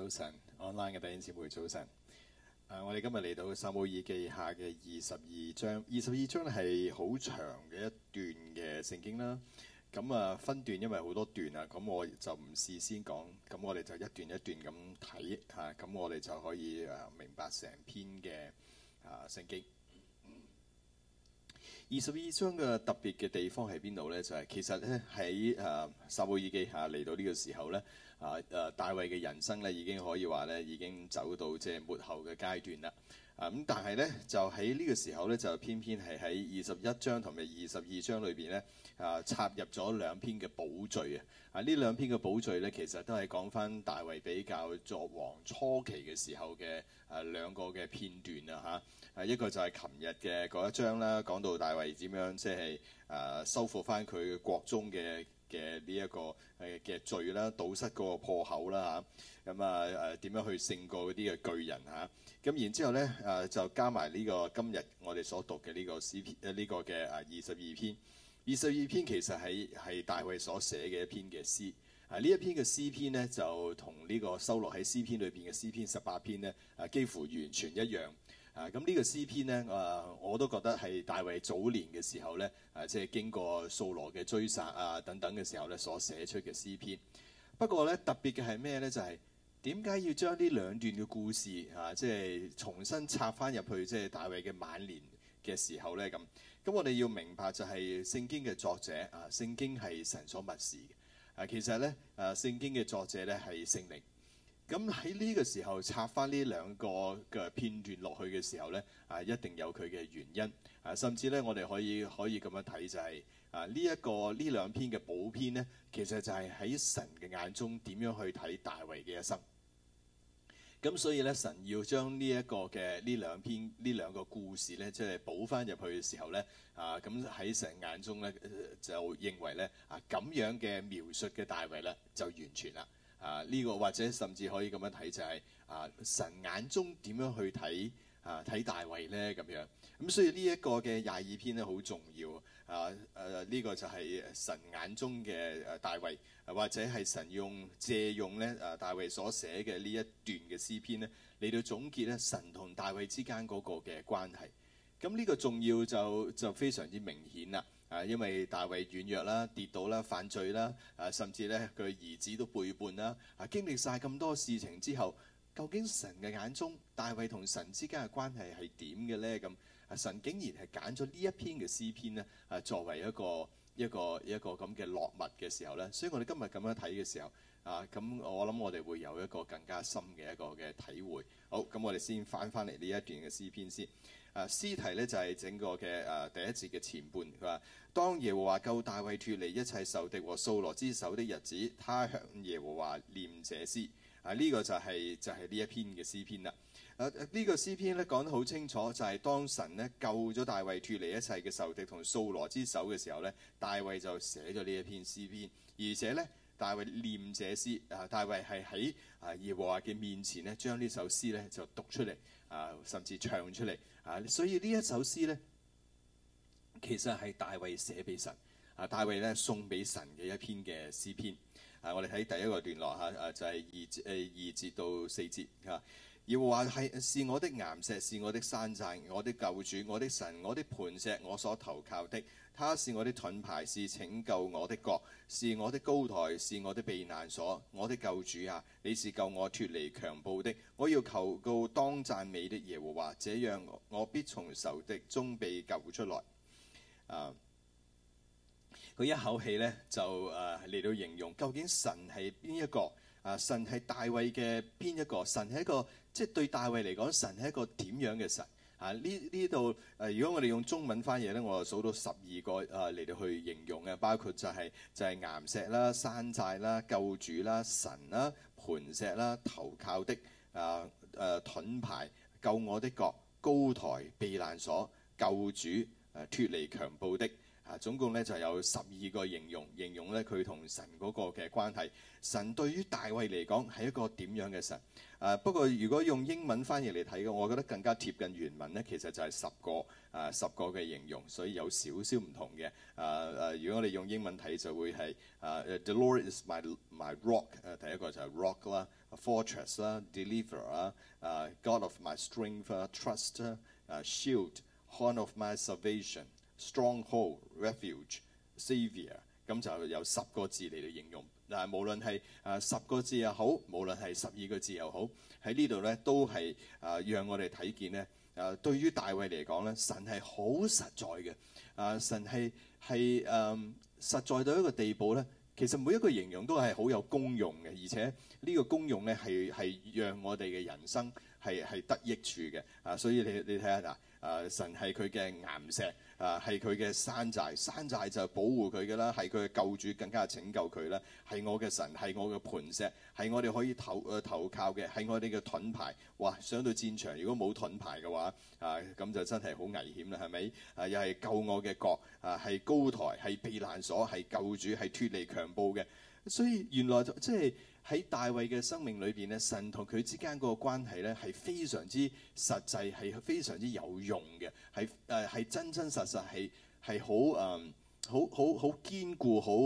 早晨，online 嘅弟兄姊妹早晨。啊，uh, 我哋今日嚟到《撒母耳記下》嘅二十二章，二十二章係好長嘅一段嘅聖經啦。咁啊，分段因為好多段啊，咁我就唔事先講，咁我哋就一段一段咁睇吓，咁、啊、我哋就可以啊明白成篇嘅啊聖經。二十二章嘅特別嘅地方喺邊度呢？就係、是、其實咧喺誒撒母耳記下嚟到呢個時候、啊啊、呢，啊誒大衛嘅人生咧已經可以話咧已經走到即係末後嘅階段啦。啊咁、嗯，但係咧就喺呢個時候咧，就偏偏係喺二十一章同埋二十二章裏邊咧，啊插入咗兩篇嘅補敘啊！啊呢兩篇嘅補敘咧，其實都係講翻大衛比較作王初期嘅時候嘅啊兩個嘅片段啊嚇。啊一個就係琴日嘅嗰一章啦，講、啊、到大衛點樣即、就、係、是、啊收復翻佢國中嘅嘅呢一個嘅嘅、啊、罪啦、啊，堵塞嗰個破口啦嚇。咁啊誒點、啊啊啊、樣去勝過嗰啲嘅巨人嚇？啊咁然之後咧，誒、啊、就加埋呢個今日我哋所讀嘅呢個詩篇，誒、這、呢個嘅誒二十二篇。二十二篇其實係係大衛所寫嘅一篇嘅詩。啊呢一篇嘅詩篇呢，就同呢個收錄喺詩篇裏邊嘅詩篇十八篇呢誒、啊、幾乎完全一樣。啊咁呢、這個詩篇呢，誒、啊、我都覺得係大衛早年嘅時候呢，誒、啊、即係經過掃羅嘅追殺啊等等嘅時候呢所寫出嘅詩篇。不過呢，特別嘅係咩呢？就係、是。點解要將呢兩段嘅故事啊，即、就、係、是、重新插翻入去即係、就是、大衛嘅晚年嘅時候呢？咁咁我哋要明白就係聖經嘅作者啊，聖經係神所密示嘅啊。其實呢，誒、啊、聖經嘅作者呢係聖靈。咁喺呢個時候插翻呢兩個嘅片段落去嘅時候呢，啊一定有佢嘅原因啊。甚至呢，我哋可以可以咁樣睇就係、是、啊呢一個呢兩篇嘅補篇呢，其實就係喺神嘅眼中點樣去睇大衛嘅一生。咁所以咧，神要將呢一個嘅呢兩篇呢兩個故事咧，即係補翻入去嘅時候咧，啊咁喺神眼中咧就認為咧，啊咁樣嘅描述嘅大衛咧就完全啦。啊呢個或者甚至可以咁樣睇就係，啊神眼中點樣去睇啊睇大衛咧，咁樣。咁所以呢一個嘅廿二篇咧好重要。啊，誒呢個就係神眼中嘅誒大衛，或者係神用借用咧誒大衛所寫嘅呢一段嘅詩篇咧，嚟到總結咧神同大衛之間嗰個嘅關係。咁呢個重要就就非常之明顯啦。啊，因為大衛軟弱啦、跌倒啦、犯罪啦，啊甚至咧佢兒子都背叛啦。啊，經歷曬咁多事情之後，究竟神嘅眼中大衛同神之間嘅關係係點嘅咧？咁？神竟然係揀咗呢一篇嘅詩篇咧，啊作為一個一個一個咁嘅落物嘅時候呢，所以我哋今日咁樣睇嘅時候，啊咁、嗯、我諗我哋會有一個更加深嘅一個嘅體會。好，咁、嗯、我哋先翻翻嚟呢一段嘅詩篇先。啊詩題呢就係、是、整個嘅啊第一節嘅前半，佢話當耶和華救大衛脫離一切仇敵和掃羅之手的日子，他向耶和華念這詩。啊呢、這個就係、是、就係、是、呢一篇嘅詩篇啦。啊這個、詩呢個詩篇咧講得好清楚，就係、是、當神咧救咗大衛脱離一切嘅仇敵同掃羅之手嘅時候咧，大衛就寫咗呢一篇詩篇，而且呢大衛念這詩啊，大衛係喺啊耶和華嘅面前咧，將呢首詩呢就讀出嚟啊，甚至唱出嚟啊。所以呢一首詩呢，其實係大衛寫俾神啊，大衛咧送俾神嘅一篇嘅詩篇啊。我哋睇第一個段落嚇、啊，就係、是、二誒二節到四節啊。耶和華係是我的岩石，是我的山寨，我的救主，我的神，我的磐石，我所投靠的。他是我的盾牌，是拯救我的國，是我的高台，是我的避難所。我的救主啊，你是救我脱離強暴的。我要求告當讚美的耶和華，這樣我必從仇敵中被救出來。佢、啊、一口氣呢，就啊嚟到形容，究竟神係邊一個？啊，神係大衛嘅邊一個？神係一個。即係對大衛嚟講，神係一個點樣嘅神啊？呢，呢度，如果我哋用中文翻譯咧，我就數到十二個啊嚟，呃、到去形容嘅，包括就係，是，就係，是，岩石啦、山寨啦、救主啦、神啦、磐石啦、投靠的啊、誒、啊、盾牌、救我的角、高台避難所、救主誒、啊、脫離強暴的。啊，總共咧就有十二個形容，形容咧佢同神嗰個嘅關係。神對於大衛嚟講係一個點樣嘅神？啊，不過如果用英文翻譯嚟睇嘅，我覺得更加貼近原文咧，其實就係十個啊，十個嘅形容，所以有少少唔同嘅。啊啊，如果我哋用英文睇就會係啊，The, uh, Lord is my my rock。啊，第一個就係 rock 啦，fortress 啦，deliverer, 啊，啊，God of my strength，trust，啊啊，shield，horn of my salvation。stronghold, refuge, savior，咁就有十個字嚟到形容。嗱，無論係誒十個字又好，無論係十二個字又好，喺呢度呢都係誒讓我哋睇見呢。誒對於大衛嚟講呢，神係好實在嘅。誒神係係誒實在到一個地步呢，其實每一個形容都係好有功用嘅，而且呢個功用呢，係係讓我哋嘅人生係係得益處嘅。啊，所以你你睇下嗱。啊！神係佢嘅岩石，啊係佢嘅山寨，山寨就保護佢嘅啦，係佢嘅救主，更加係拯救佢啦。係我嘅神，係我嘅磐石，係我哋可以投誒、啊、投靠嘅，係我哋嘅盾牌。哇！上到戰場，如果冇盾牌嘅話，啊咁就真係好危險啦，係咪？啊，又係救我嘅角，啊係高台，係避難所，係救主，係脫離強暴嘅。所以原來即係。喺大衛嘅生命裏邊咧，神同佢之間嗰個關係咧係非常之實際，係非常之有用嘅，係誒係真真實實係係、呃、好誒好好好堅固好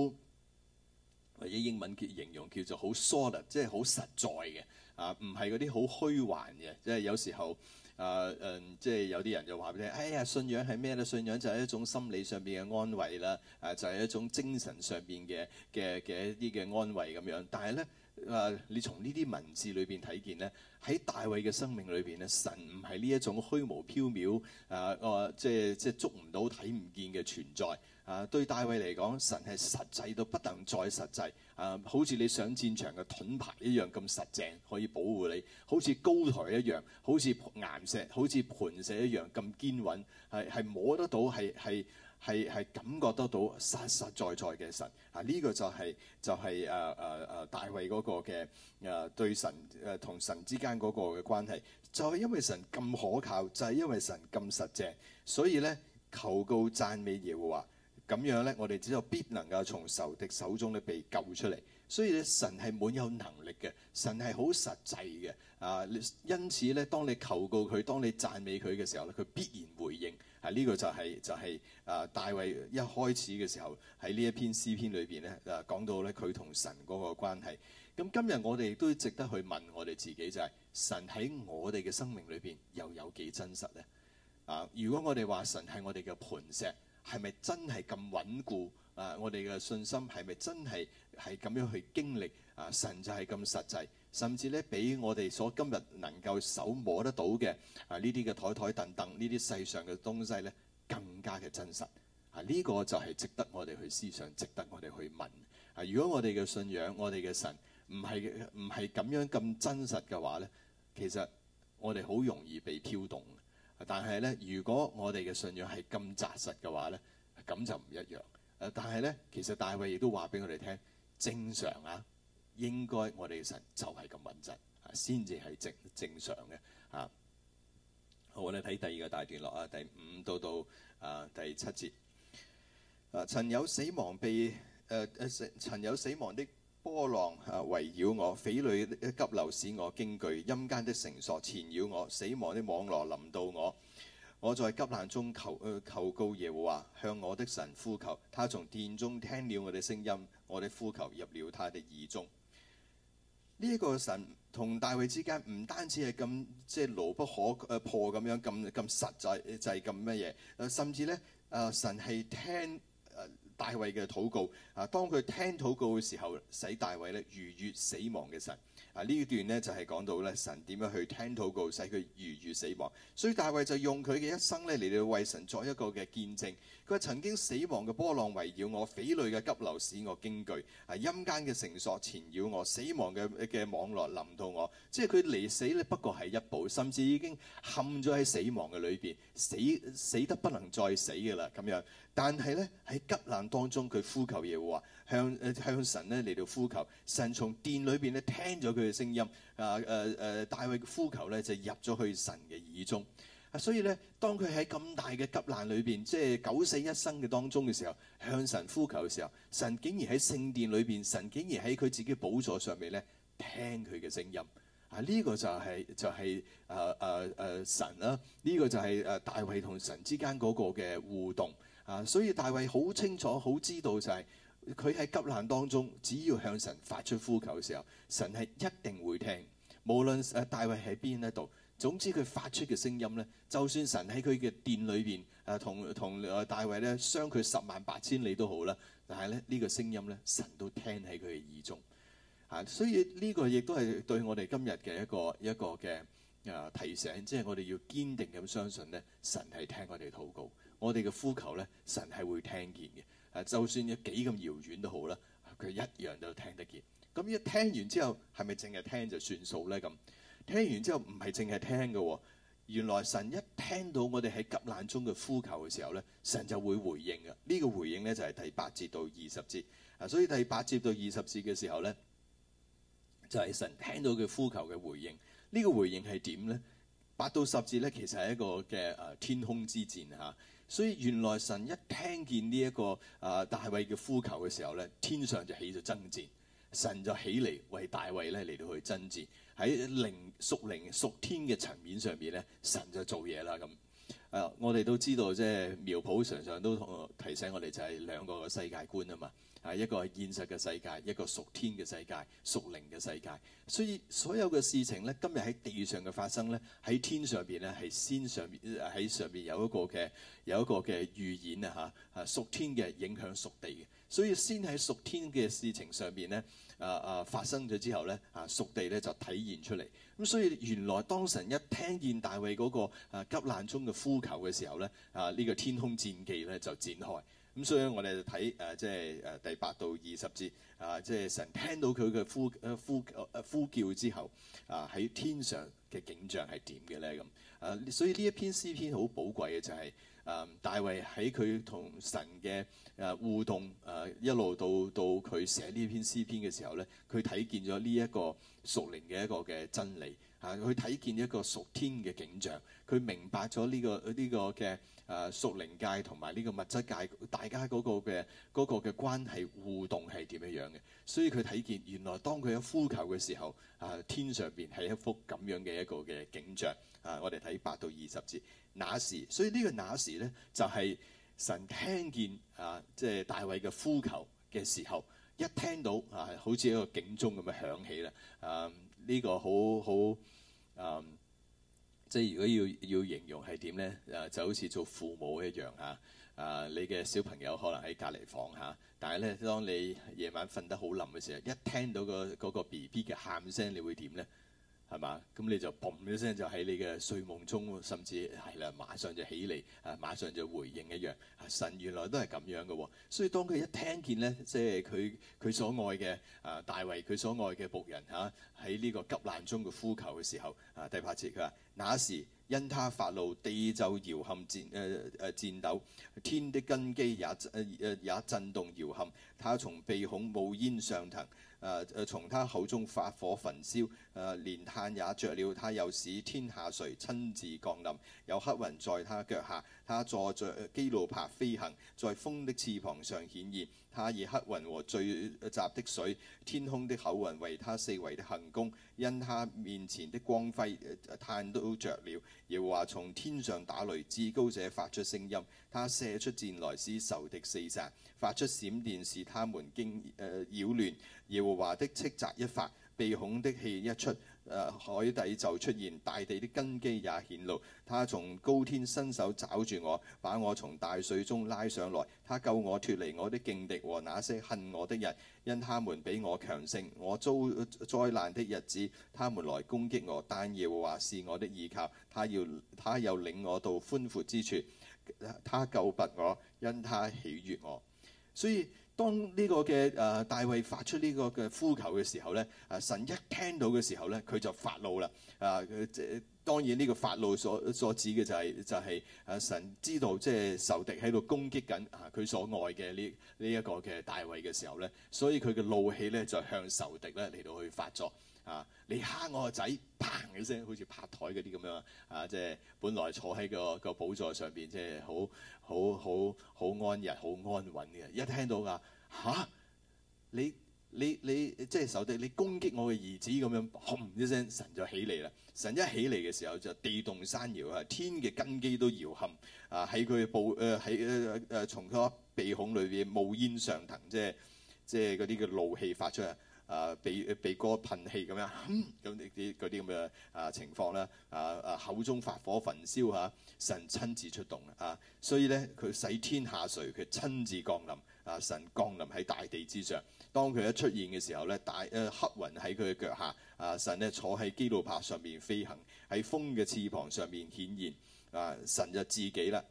或者英文叫形容叫做好 solid，即係好實在嘅啊，唔係嗰啲好虛幻嘅。即係有時候啊誒、呃，即係有啲人就話俾你聽，哎呀信仰係咩咧？信仰就係一種心理上邊嘅安慰啦，誒、啊、就係、係、一種精神上邊嘅嘅嘅一啲嘅安慰咁樣，但係咧。誒、呃，你從呢啲文字裏邊睇見咧，喺大衛嘅生命裏邊咧，神唔係呢一種虛無縹緲誒，個、呃呃、即係即係捉唔到、睇唔見嘅存在。誒、呃，對大衛嚟講，神係實際到不能再實際。誒、呃，好似你上戰場嘅盾牌一樣咁實淨，可以保護你；好似高台一樣，好似岩石，好似磐石一樣咁堅穩，係係摸得到，係係。係係感覺得到實實在在嘅神啊！呢、這個就係、是、就係誒誒誒大衛嗰個嘅誒、啊、對神誒、啊、同神之間嗰個嘅關係，就係、是、因為神咁可靠，就係、是、因為神咁實淨，所以咧求告讚美耶和華，咁樣咧我哋只有必能夠從仇敵手中咧被救出嚟。所以咧神係滿有能力嘅，神係好實際嘅啊！因此咧，當你求告佢，當你讚美佢嘅時候咧，佢必然回應。係呢個就係、係、就係啊，大衛一開始嘅時候喺呢一篇詩篇裏邊咧，誒講到咧佢同神嗰個關係。咁今日我哋都值得去問我哋自己、就係，就係神喺我哋嘅生命裏邊又有幾真實咧？啊，如果我哋話神係我哋嘅磐石，係咪真係咁穩固啊？我哋嘅信心係咪真係係咁樣去經歷啊？神就係咁實際。甚至咧，比我哋所今日能夠手摸得到嘅啊，呢啲嘅台台等等呢啲世上嘅東西咧，更加嘅真實啊！呢、這個就係值得我哋去思想，值得我哋去問啊！如果我哋嘅信仰，我哋嘅神唔係唔係咁樣咁真實嘅話咧，其實我哋好容易被挑動、啊。但係咧，如果我哋嘅信仰係咁紮實嘅話咧，咁就唔一樣。誒、啊，但係咧，其實大衛亦都話俾我哋聽，正常啊。應該我哋神就係咁穩陣，啊，先至係正正常嘅。好，我哋睇第二個大段落啊，第五到到啊第七節。啊、呃，曾有死亡被誒誒、呃呃、曾有死亡的波浪啊圍繞我，匪類急流使我驚懼，陰間的繩索纏繞我，死亡的網絡臨到我。我在急難中求、呃、求告耶和華，向我的神呼求，他從殿中聽了我的聲音，我的呼求入了他的耳中。呢一個神同大衛之間唔單止係咁，即係牢不可破咁樣，咁咁實在就係咁乜嘢，甚至咧，啊、呃、神係聽、呃、大衛嘅禱告，啊當佢聽禱告嘅時候，使大衛咧逾越死亡嘅神。啊！呢段呢就係、是、講到咧神點樣去聽禱告，使佢逾越死亡。所以大衛就用佢嘅一生咧嚟到為神作一個嘅見證。佢係曾經死亡嘅波浪圍繞我，匪類嘅急流使我驚懼，啊陰間嘅繩索纏繞我，死亡嘅嘅網絡臨到我。即係佢離死咧不過係一步，甚至已經陷咗喺死亡嘅裏邊，死死得不能再死㗎啦咁樣。但係咧，喺急難當中，佢呼求嘢話向誒向神咧嚟到呼求。神從殿裏邊咧聽咗佢嘅聲音啊！誒、啊、誒、啊，大衛呼求咧就入咗去神嘅耳中啊！所以咧，當佢喺咁大嘅急難裏邊，即係九死一生嘅當中嘅時候，向神呼求嘅時候，神竟然喺聖殿裏邊，神竟然喺佢自己寶座上面咧聽佢嘅聲音啊！呢、這個就係、是、就係誒誒誒神啦、啊。呢、這個就係誒大衛同神之間嗰個嘅互動。啊！所以大衛好清楚、好知道就係佢喺急難當中，只要向神發出呼求嘅時候，神係一定會聽。無論誒大衛喺邊一度，總之佢發出嘅聲音咧，就算神喺佢嘅殿裏邊誒，同同誒大衛咧，相距十萬八千里都好啦。但係咧，呢個聲音咧，神都聽喺佢嘅耳中。啊！所以呢個亦都係對我哋今日嘅一個一個嘅誒提醒，即係我哋要堅定咁相信咧，神係聽我哋禱告。我哋嘅呼求咧，神係會聽見嘅。啊，就算有幾咁遙遠都好啦，佢一樣都聽得見。咁一聽完之後，係咪淨係聽就算數咧？咁聽完之後唔係淨係聽嘅，哦。原來神一聽到我哋喺急難中嘅呼求嘅時候咧，神就會回應嘅。呢個回應咧就係第八節到二十節。啊，所以第八節到二十節嘅時候咧，就係、是、神聽到嘅呼求嘅回應。呢個回應係點咧？八到十節咧，其實係一個嘅啊天空之戰吓。所以原來神一聽見呢一個誒大衛嘅呼求嘅時候咧，天上就起咗爭戰，神就起嚟為大衛咧嚟到去爭戰，喺靈屬靈屬天嘅層面上邊咧，神就做嘢啦咁。誒，我哋都知道即係苗圃常常都提醒我哋，就係兩個世界觀啊嘛。啊，一個係現實嘅世界，一個屬天嘅世界、屬靈嘅世界。所以所有嘅事情呢，今日喺地上嘅發生呢，喺天上邊呢，係先上邊喺上邊有一個嘅有一個嘅預演啊嚇，係屬天嘅影響屬地嘅。所以先喺屬天嘅事情上邊咧，啊啊發生咗之後咧，啊屬地咧就體現出嚟。咁所以原來當神一聽見大衛嗰個急難中嘅呼求嘅時候咧，啊呢個天空戰技咧就展開。咁所以我哋就睇誒即係誒第八到二十節啊，即係神聽到佢嘅呼呼呼叫之後啊，喺天上嘅景象係點嘅咧？咁啊。所以呢一篇詩篇好寶貴嘅就係。誒，um, 大衛喺佢同神嘅誒互動誒、啊，一路到到佢寫呢篇詩篇嘅時候咧，佢睇見咗呢一個屬靈嘅一個嘅真理嚇，佢、啊、睇見一個屬天嘅景象，佢明白咗呢、呢個呢、呢個嘅誒屬靈界同埋呢個物質界大家嗰個嘅嗰個嘅關係互動係點樣樣嘅，所以佢睇見原來當佢有呼求嘅時候，誒、啊、天上邊係一幅咁樣嘅一個嘅景象啊！我哋睇八到二十節。那時，所以個呢個那時咧，就係、是、神聽見啊，即、就、係、是、大衛嘅呼求嘅時候，一聽到啊，好似一個警鐘咁樣響起啦。啊，呢、這個好好啊，即係如果要要形容係點咧，就好似做父母一樣嚇。啊，你嘅小朋友可能喺隔離房嚇、啊，但係咧，當你夜晚瞓得好冧嘅時候，一聽到、那個嗰個、那個 BB 嘅喊聲，你會點咧？係嘛？咁你就嘣一聲就喺你嘅睡夢中，甚至係啦、啊，馬上就起嚟，啊，馬上就回應一樣。啊、神原來都係咁樣嘅喎、哦。所以當佢一聽見咧，即係佢佢所愛嘅啊大衛佢所愛嘅僕人嚇喺呢個急難中嘅呼求嘅時候，啊，第八節佢話：那時因他發怒，地就搖撼戰誒誒、呃、戰抖，天的根基也誒誒也震動搖撼，他從鼻孔冒煙上騰。誒、呃、從他口中發火焚燒，誒、呃、連炭也着了。他又使天下垂，親自降臨，有黑雲在他腳下，他坐着基路柏飛行，在風的翅膀上顯現。他以黑雲和聚集的水、天空的厚雲為他四圍的行宮。因他面前的光輝炭都着了，耶和華從天上打雷，至高者發出聲音，他射出箭來使仇敵四散，發出閃電使他們驚擾亂，耶和華的斥責一發，鼻孔的氣一出。啊、海底就出現，大地的根基也顯露。他從高天伸手抓住我，把我從大水中拉上來。他救我脫離我的勁敵和那些恨我的人，因他們比我強盛。我遭災難的日子，他們來攻擊我，但耶和華是我的倚靠，他要他又領我到寬闊之處。他救拔我，因他喜悅我。所以。當呢個嘅誒大衛發出呢個嘅呼求嘅時候咧，誒神一聽到嘅時候咧，佢就發怒啦。啊，即係當然呢個發怒所所指嘅就係就係誒神知道即係仇敵喺度攻擊緊啊佢所愛嘅呢呢一個嘅大衛嘅時候咧，所以佢嘅怒氣咧就向仇敵咧嚟到去發作。啊！你嚇我個仔，砰嘅聲，好似拍台嗰啲咁樣啊！即係本來坐喺個個寶座上邊，即係好好好好安逸、好安穩嘅。一聽到噶嚇、啊，你你你即係受敵，你攻擊我嘅兒子咁樣，砰一聲，神就起嚟啦！神一起嚟嘅時候就地動山搖啊，天嘅根基都搖撼啊！喺佢部誒喺誒誒從佢個鼻孔裏邊冒煙上騰，即係即係嗰啲叫怒氣發出嚟。啊！鼻鼻哥噴氣咁樣，咁啲啲嗰啲咁嘅啊情況啦，啊啊口中發火焚燒嚇、啊，神親自出動啊，所以咧佢使天下垂，佢親自降臨啊，神降臨喺大地之上。當佢一出現嘅時候咧，大誒、呃、黑雲喺佢嘅腳下啊，神咧坐喺基路伯上面飛行，喺風嘅翅膀上面顯現啊，神就自己啦。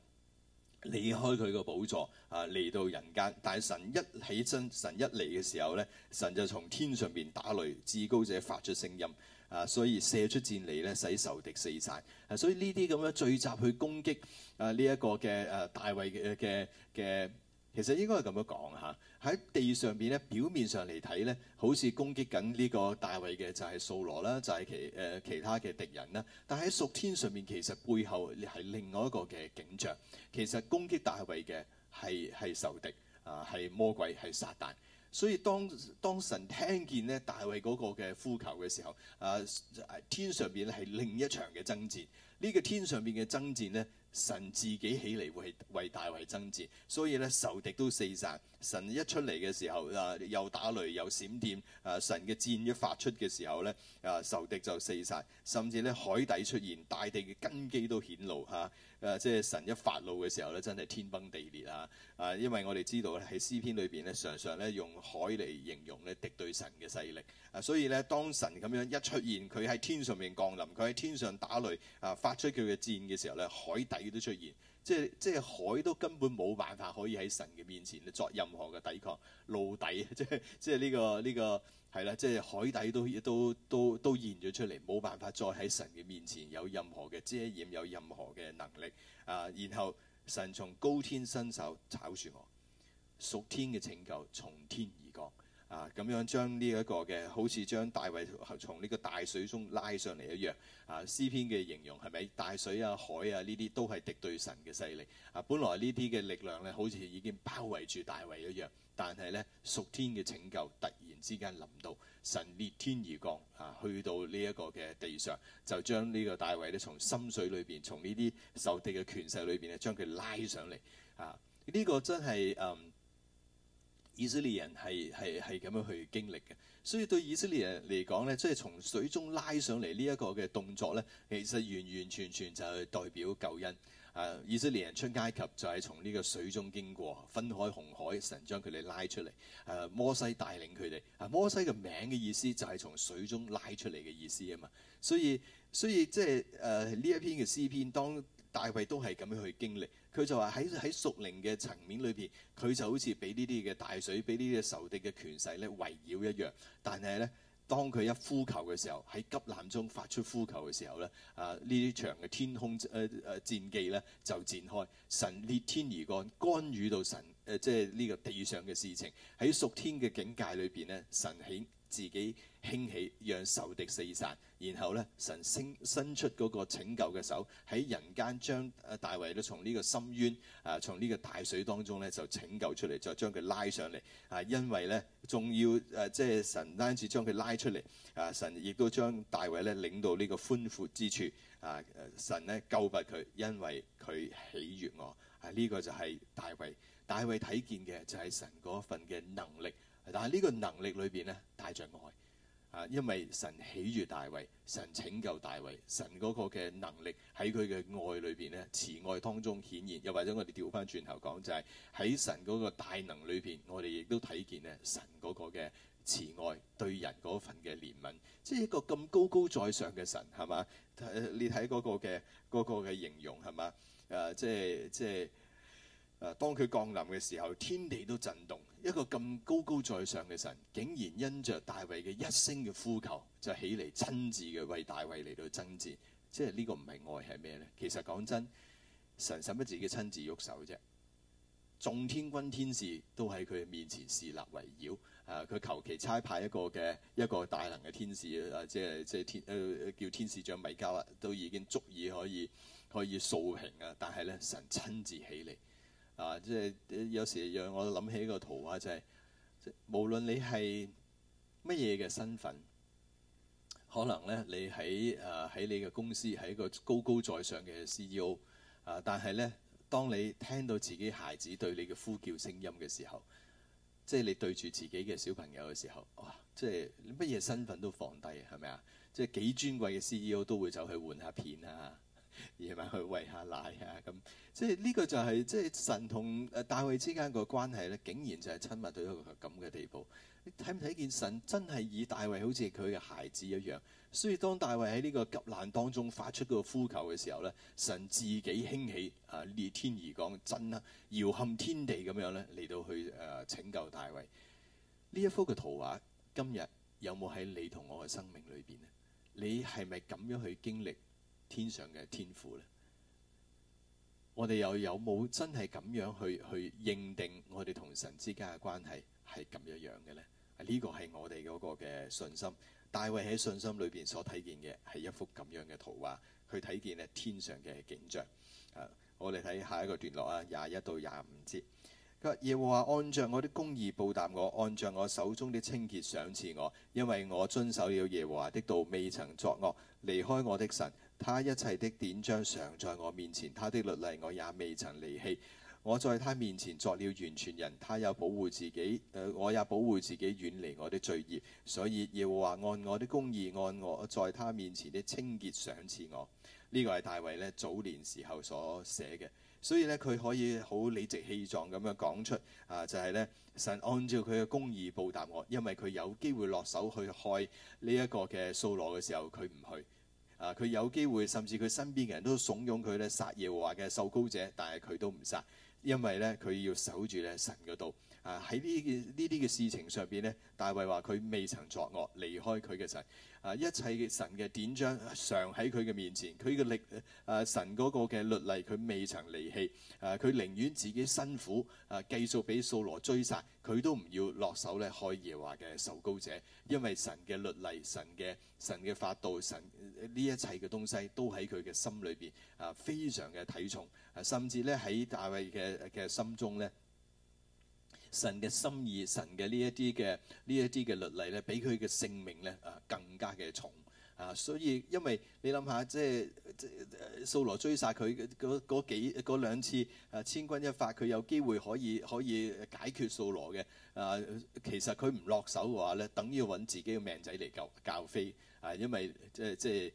離開佢個寶座啊，嚟到人間。但係神一起身，神一嚟嘅時候咧，神就從天上邊打雷，至高者發出聲音啊，所以射出箭嚟咧，使仇敵死晒、啊。所以呢啲咁樣聚集去攻擊啊，呢、這、一個嘅誒、啊、大衛嘅嘅嘅。其實應該係咁樣講吓，喺、啊、地上邊咧表面上嚟睇咧，好似攻擊緊呢個大衛嘅就係掃羅啦，就係、是、其誒、呃、其他嘅敵人啦。但係喺屬天上面其實背後係另外一個嘅景象。其實攻擊大衛嘅係係仇敵啊，係魔鬼，係撒但。所以當當神聽見咧大衛嗰個嘅呼求嘅時候，誒、啊、天上面咧係另一場嘅爭戰。呢、這個天上面嘅爭戰咧。神自己起嚟會係為大衛爭戰，所以咧仇敵都四散。神一出嚟嘅時候啊，又打雷又閃電。啊，神嘅箭一發出嘅時候咧，啊，仇敵就四散，甚至咧海底出現，大地嘅根基都顯露嚇。誒、啊、即係神一發怒嘅時候咧，真係天崩地裂啊！啊，因為我哋知道咧喺詩篇裏邊咧，常常咧用海嚟形容咧敵對神嘅勢力啊，所以咧當神咁樣一出現，佢喺天上面降臨，佢喺天上打雷啊，發出佢嘅箭嘅時候咧，海底都出現，即係即係海都根本冇辦法可以喺神嘅面前作任何嘅抵抗，露底 即係即係呢個呢個。這個係啦，即係海底都都都都現咗出嚟，冇辦法再喺神嘅面前有任何嘅遮掩，有任何嘅能力啊！然後神從高天伸手抓住我，屬天嘅拯救從天。啊，咁樣將呢一個嘅好似將大衞從呢個大水中拉上嚟一樣。啊，詩篇嘅形容係咪大水啊、海啊呢啲都係敵對神嘅勢力。啊，本來呢啲嘅力量咧，好似已經包圍住大衞一樣。但係咧，屬天嘅拯救突然之間臨到，神裂天而降，啊，去到呢一個嘅地上，就將呢個大衞咧從深水裏邊，從呢啲受敵嘅權勢裏邊咧，將佢拉上嚟。啊，呢、呢個真係嗯。以色列人係係係咁樣去經歷嘅，所以對以色列人嚟講呢，即係、就是、從水中拉上嚟呢一個嘅動作呢，其實完完全全就係代表救恩。誒、啊，以色列人出埃及就係從呢個水中經過，分開紅海，神將佢哋拉出嚟。誒、啊，摩西帶領佢哋。啊，摩西嘅名嘅意思就係從水中拉出嚟嘅意思啊嘛。所以所以即係誒呢一篇嘅詩篇當。大衛都係咁樣去經歷，佢就話喺喺屬靈嘅層面裏邊，佢就好似俾呢啲嘅大水，俾呢啲嘅仇敵嘅權勢咧圍繞一樣。但係咧，當佢一呼求嘅時候，喺急難中發出呼求嘅時候咧，啊呢啲場嘅天空誒誒、呃、戰記咧就展開，神裂天而降，干預到神誒，即係呢個地上嘅事情喺屬天嘅境界裏邊咧，神顯。自己興起，讓仇敵四散，然後咧，神伸伸出嗰個拯救嘅手，喺人間將大衛咧從呢個深淵啊，從呢個大水當中咧就拯救出嚟，就將佢拉上嚟。啊，因為咧，仲要誒，即、啊、係、就係、神單止將佢拉出嚟，啊，神亦都將大衛咧領到呢個寬闊之處。啊，神咧救拔佢，因為佢喜悅我。啊，呢、呢個就係大衛。大衛睇見嘅就係神嗰份嘅能力。但係呢個能力裏邊咧，帶着愛，啊，因為神喜悅大衛，神拯救大衛，神嗰個嘅能力喺佢嘅愛裏邊咧，慈愛當中顯現。又或者我哋調翻轉頭講，就係、是、喺神嗰個大能裏邊，我哋亦都睇見咧神嗰個嘅慈愛對人嗰份嘅憐憫。即係一個咁高高在上嘅神，係嘛、呃？你睇嗰個嘅嗰個嘅形容，係嘛？誒、啊，即係即係。誒，當佢降臨嘅時候，天地都震動。一個咁高高在上嘅神，竟然因着大衛嘅一聲嘅呼求，就起嚟親自嘅為大衛嚟到爭戰。即係呢個唔係愛係咩呢？其實講真，神使乜自己親自喐手啫？眾天軍天使都喺佢面前侍立圍繞啊！佢求其差派一個嘅一個大能嘅天使啊，即係即係天、呃、叫天使長米迦勒，都已經足以可以可以掃平啊！但係呢，神親自起嚟。啊，即係有時讓我諗起一個圖畫，就係、是、即係無論你係乜嘢嘅身份，可能咧你喺啊喺你嘅公司係一個高高在上嘅 CEO 啊，但係咧，當你聽到自己孩子對你嘅呼叫聲音嘅時候，即係你對住自己嘅小朋友嘅時候，哇！即係乜嘢身份都放低，係咪啊？即係幾尊貴嘅 CEO 都會走去換下片啊！夜晚去餵下奶啊，咁，即係呢個就係、是、即係神同誒大衛之間個關係咧，竟然就係親密到一個咁嘅地步。你睇唔睇見神真係以大衛好似佢嘅孩子一樣？所以當大衛喺呢個急難當中發出個呼求嘅時候咧，神自己興起啊，裂天而降，震啊，搖撼天地咁樣咧，嚟到去誒、呃、拯救大衛。呢一幅嘅圖畫，今日有冇喺你同我嘅生命裏邊咧？你係咪咁樣去經歷？天上嘅天父咧，我哋又有冇真係咁樣去去認定我哋同神之間嘅關係係咁樣樣嘅呢？呢個係我哋嗰個嘅信心。大衛喺信心裏邊所睇見嘅係一幅咁樣嘅圖畫，佢睇見咧天上嘅景象，啊，我哋睇下一個段落啊，廿一到廿五節。佢話耶和華按照我啲公義報答我，按照我的手中啲清潔賞賜我，因為我遵守了耶和華的道，未曾作惡，離開我的神。他一切的典章常在我面前，他的律例我也未曾離棄。我在他面前作了完全人，他有保護自己、呃，我也保護自己遠離我的罪孽，所以耶和華按我的公義，按我在他面前的清潔賞賜我。這個、呢個係大衛咧早年時候所寫嘅，所以呢，佢可以好理直氣壯咁樣講出啊，就係、是、呢神按照佢嘅公義報答我，因為佢有機會落手去害呢一個嘅掃羅嘅時候，佢唔去。啊！佢有機會，甚至佢身邊嘅人都慫恿佢咧殺耶和華嘅受膏者，但係佢都唔殺，因為咧佢要守住咧神度。啊！喺呢件呢啲嘅事情上邊咧，大衛話佢未曾作惡，離開佢嘅神啊！一切嘅神嘅典章常喺佢嘅面前，佢嘅力啊神嗰個嘅律例佢未曾離棄啊！佢寧願自己辛苦啊，繼續俾掃羅追殺，佢都唔要落手咧害耶和華嘅受膏者，因為神嘅律例、神嘅神嘅法度、神呢一切嘅東西都喺佢嘅心裏邊啊，非常嘅睇重啊！甚至咧喺大衛嘅嘅心中咧。神嘅心意，神嘅呢一啲嘅呢一啲嘅律例咧，比佢嘅性命咧啊更加嘅重啊！所以因為你諗下，即係即係掃羅追殺佢嗰嗰兩次啊，千鈞一髮，佢有機會可以可以解決掃羅嘅啊！其實佢唔落手嘅話咧，等於揾自己嘅命仔嚟救教飛啊！因為即係即係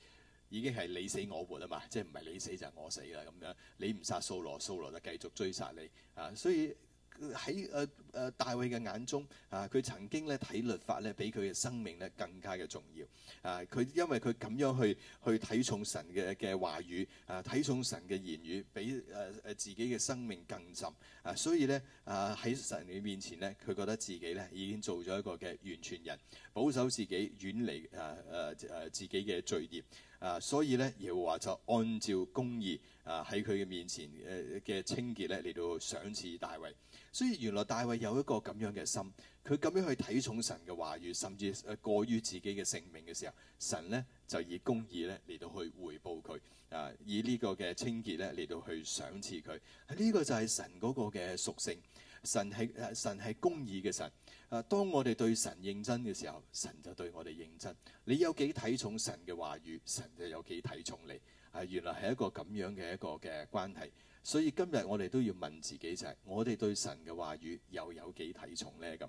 已經係你死我活啊嘛，即係唔係你死就係我死啦咁樣，你唔殺掃羅，掃羅就繼續追殺你啊！所以。喺誒誒大衛嘅眼中，啊，佢曾經咧睇律法咧，比佢嘅生命咧更加嘅重要。啊，佢因為佢咁樣去去睇重神嘅嘅話語，啊，睇重神嘅言語，比誒誒、啊、自己嘅生命更重。啊，所以咧啊喺神嘅面前咧，佢覺得自己咧已經做咗一個嘅完全人，保守自己，遠離誒誒誒自己嘅罪孽。啊，所以咧耶和華就按照公義啊喺佢嘅面前誒嘅清潔咧嚟到賞賜大衛。所以原來大衛有一個咁樣嘅心，佢咁樣去睇重神嘅話語，甚至誒過於自己嘅性命嘅時候，神呢就以公義呢嚟到去回報佢，啊，以個呢個嘅清潔呢嚟到去賞賜佢。呢、啊這個就係神嗰個嘅屬性，神係、啊、神係公義嘅神。誒、啊，當我哋對神認真嘅時候，神就對我哋認真。你有幾睇重神嘅話語，神就有幾睇重你。啊，原來係一個咁樣嘅一個嘅關係。所以今日我哋都要問自己，就係我哋對神嘅話語又有幾睇重咧？咁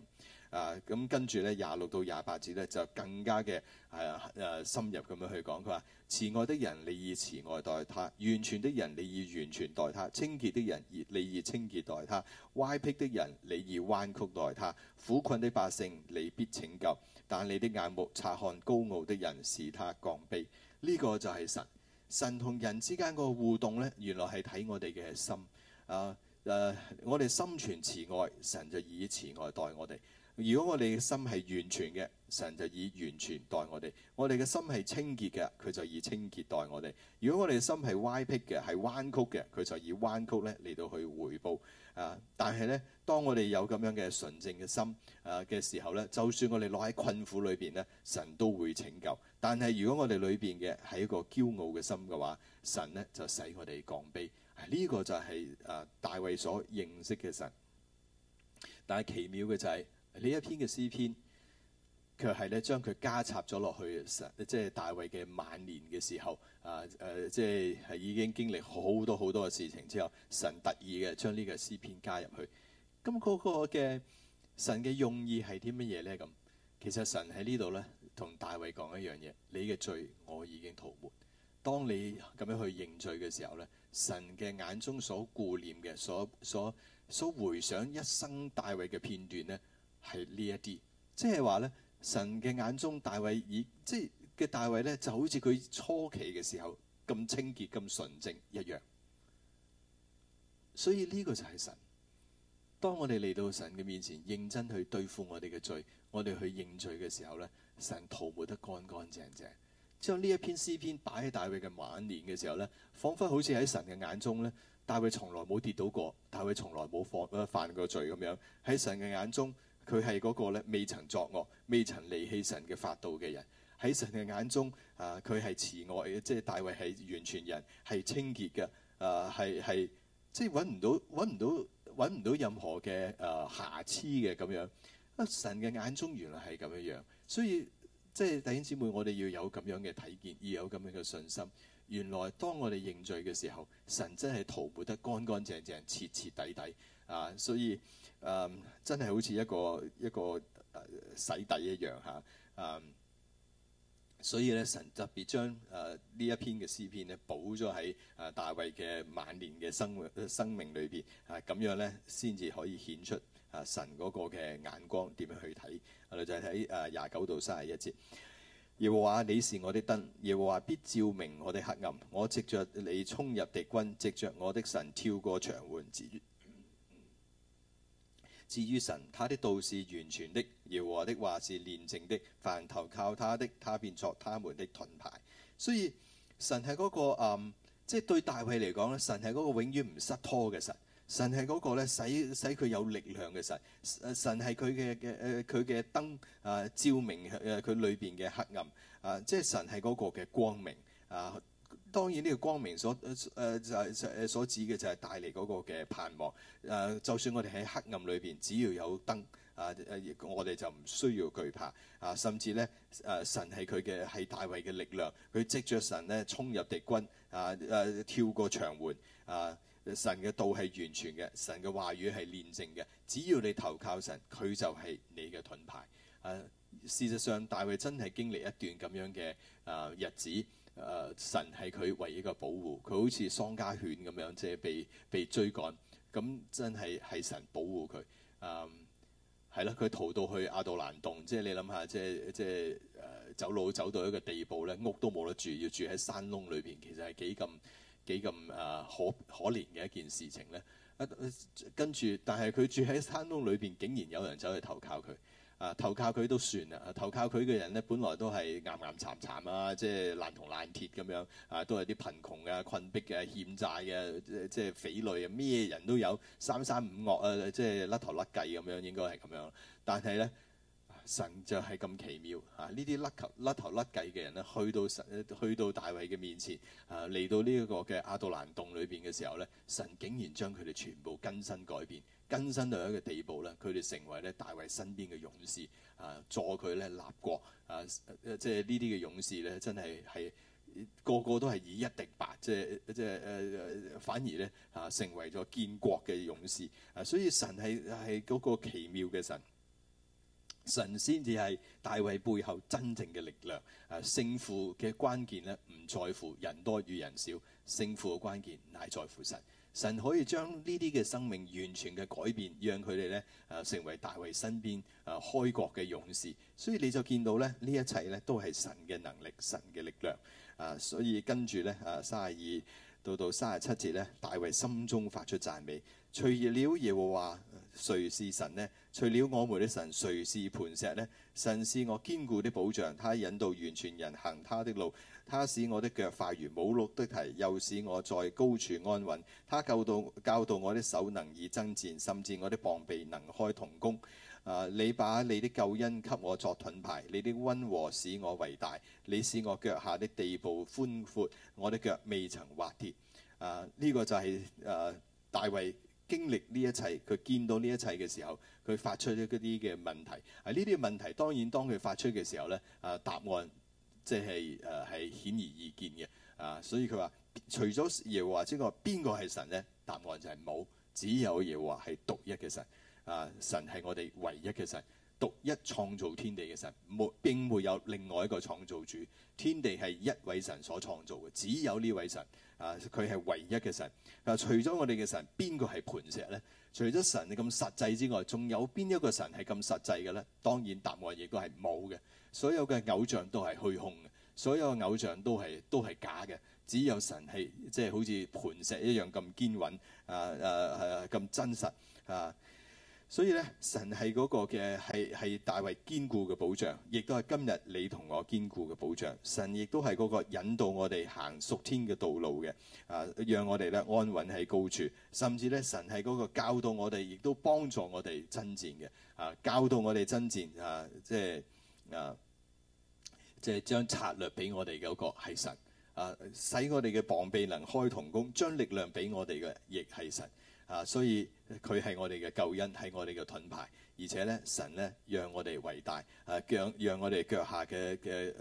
啊，咁、嗯、跟住咧廿六到廿八節咧就更加嘅誒誒深入咁樣去講。佢話：「慈愛的人，你以慈愛待他；完全的人，你以完全待他；清潔的人，你以清潔待他；歪僻的人，你以彎曲待他；苦困的百姓，你必拯救。」但你的眼目察看高傲的人，使他降卑。呢、這個就係神。神同人之間個互動呢，原來係睇我哋嘅心。啊誒，我哋心存慈愛，神就以慈愛待我哋；如果我哋嘅心係完全嘅，神就以完全待我哋；我哋嘅心係清潔嘅，佢就以清潔待我哋；如果我哋嘅心係歪僻嘅、係彎曲嘅，佢就以彎曲咧嚟到去回報。啊！但係咧，當我哋有咁樣嘅純正嘅心啊嘅時候咧，就算我哋落喺困苦裏邊咧，神都會拯救。但係如果我哋裏邊嘅係一個驕傲嘅心嘅話，神咧就使我哋降卑。呢、啊這個就係啊大衛所認識嘅神。但係奇妙嘅就係、是、呢一篇嘅詩篇。佢係咧將佢加插咗落去神，即係大衛嘅晚年嘅時候啊，誒、呃，即係係已經經歷好多好多嘅事情之後，神特意嘅將呢個詩篇加入去。咁、嗯、嗰個嘅神嘅用意係啲乜嘢咧？咁其實神喺呢度咧，同大衛講一樣嘢：你嘅罪，我已經塗抹。當你咁樣去認罪嘅時候咧，神嘅眼中所顧念嘅，所所所回想一生大衛嘅片段咧，係、就是、呢一啲，即係話咧。神嘅眼中大，大衛以即係嘅大衛咧，就好似佢初期嘅時候咁清潔、咁純正一樣。所以呢個就係神。當我哋嚟到神嘅面前，認真去對付我哋嘅罪，我哋去認罪嘅時候咧，神塗抹得乾乾淨淨。將呢一篇詩篇擺喺大衛嘅晚年嘅時候咧，仿佛好似喺神嘅眼中咧，大衛從來冇跌倒過，大衛從來冇犯犯過罪咁樣喺神嘅眼中。佢係嗰個咧，未曾作惡，未曾離棄神嘅法度嘅人，喺神嘅眼中啊，佢係慈愛，即係大衛係完全人，係清潔嘅，誒係係，即係揾唔到揾唔到揾唔到任何嘅誒、啊、瑕疵嘅咁樣。啊，神嘅眼中原來係咁樣，所以即係弟兄姊妹，我哋要有咁樣嘅睇見，要有咁樣嘅信心。原來當我哋認罪嘅時候，神真係塗抹得乾乾淨淨、徹徹底底啊！所以。誒、um, 真係好似一個一個、啊、洗底一樣嚇，誒、啊，所以咧神特別將誒呢、啊、一篇嘅詩篇咧補咗喺誒大衛嘅晚年嘅生活生命裏邊，係、啊、咁樣呢，先至可以顯出啊神嗰個嘅眼光點樣去睇。我哋就係睇誒廿九到三十一節，耶和華你是我的燈，耶和華必照明我的黑暗。我藉着你衝入敵軍，藉着我的神跳過牆垣子。至於神，他的道是完全的，耶和華的話是煉淨的。凡投靠他的，他便作他們的盾牌。所以神係嗰、那個即係、嗯就是、對大衞嚟講咧，神係嗰個永遠唔失拖嘅神。神係嗰個咧，使使佢有力量嘅神。神係佢嘅嘅誒，佢嘅燈啊、呃，照明誒佢裏邊嘅黑暗啊，即、呃、係、就是、神係嗰個嘅光明啊。呃當然呢個光明所誒誒就係誒所指嘅就係帶嚟嗰個嘅盼望誒、呃，就算我哋喺黑暗裏邊，只要有燈啊誒、呃呃，我哋就唔需要懼怕啊。甚至咧誒、呃，神係佢嘅係大衛嘅力量，佢藉着神咧衝入敵軍啊誒、啊，跳過牆垣。啊。神嘅道係完全嘅，神嘅話語係煉淨嘅。只要你投靠神，佢就係你嘅盾牌啊。事實上，大衛真係經歷一段咁樣嘅啊日子。誒神係佢唯一嘅保護，佢好似喪家犬咁樣，即係被被追趕，咁真係係神保護佢。嗯，係啦，佢逃到去亞杜蘭洞，即係你諗下，即係即係誒走路走到一個地步咧，屋都冇得住，要住喺山窿裏邊，其實係幾咁幾咁誒可可憐嘅一件事情咧。啊，跟住，但係佢住喺山窿裏邊，竟然有人走去投靠佢。啊，投靠佢都算啦，啊。投靠佢嘅人咧，本來都係岩岩慘慘啊，即係爛銅爛鐵咁樣。啊，都係啲貧窮啊、困迫嘅、欠債嘅，即係匪類啊，咩人都有，三山五岳啊，即係甩頭甩計咁樣，應該係咁樣。但係咧，神就係咁奇妙啊，呢啲甩頭甩頭甩計嘅人咧，去到神，去到大衛嘅面前，啊，嚟到呢一個嘅亞杜蘭洞裏邊嘅時候咧，神竟然將佢哋全部更新改變，更新到一個地步咧，佢哋成為咧大衛身邊嘅勇士，啊，助佢咧立國，啊，即係呢啲嘅勇士咧，真係係個個都係以一敵百，即係即係誒，反而咧啊，成為咗建國嘅勇士，啊，所以神係係嗰個奇妙嘅神。神先至係大衛背後真正嘅力量，啊，勝負嘅關鍵咧唔在乎人多與人少，勝負嘅關鍵乃在乎神。神可以將呢啲嘅生命完全嘅改變，讓佢哋咧啊成為大衛身邊啊開國嘅勇士。所以你就見到咧呢一切咧都係神嘅能力、神嘅力量啊。所以跟住呢，啊三十二到到三十七節呢，大衛心中發出讚美，隨而了耶和華。誰是神呢？除了我們的神，誰是磐石呢？神是我堅固的保障，他引導完全人行他的路，他使我的腳快如母鹿的蹄，又使我，在高處安穩。他教導教導我的手能以爭戰，甚至我的膀臂能開同工。啊、呃！你把你的救恩給我作盾牌，你的温和使我為大，你使我腳下的地步寬闊，我的腳未曾滑跌。啊、呃！呢、這個就係、是、啊、呃，大衛。經歷呢一切，佢見到呢一切嘅時候，佢發出咗嗰啲嘅問題。啊，呢啲問題當然當佢發出嘅時候咧，啊，答案即係誒係顯而易見嘅。啊，所以佢話，除咗耶和華之外，邊個係神咧？答案就係冇，只有耶和華係獨一嘅神。啊，神係我哋唯一嘅神。獨一創造天地嘅神，沒並沒有另外一個創造主，天地係一位神所創造嘅，只有呢位神，啊，佢係唯一嘅神。嗱、啊啊，除咗我哋嘅神，邊個係磐石呢？除咗神咁實際之外，仲有邊一個神係咁實際嘅呢？當然答案亦都係冇嘅。所有嘅偶像都係虛空嘅，所有偶像都係都係假嘅。只有神係，即、就、係、是、好似磐石一樣咁堅穩，啊啊係咁、啊啊啊、真實啊。所以咧，神係嗰、那個嘅係係大衛堅固嘅保障，亦都係今日你同我堅固嘅保障。神亦都係嗰個引導我哋行屬天嘅道路嘅，啊，讓我哋咧安穩喺高處。甚至咧，神係嗰個教導我哋，亦都幫助我哋爭戰嘅，啊，教導我哋爭戰，啊，即係啊，即係將策略俾我哋嘅嗰個係神，啊，使我哋嘅膀臂能開銅弓，將力量俾我哋嘅亦係神。啊，所以佢係我哋嘅救恩，係我哋嘅盾牌，而且咧，神咧讓我哋為大，啊，讓讓我哋腳下嘅嘅誒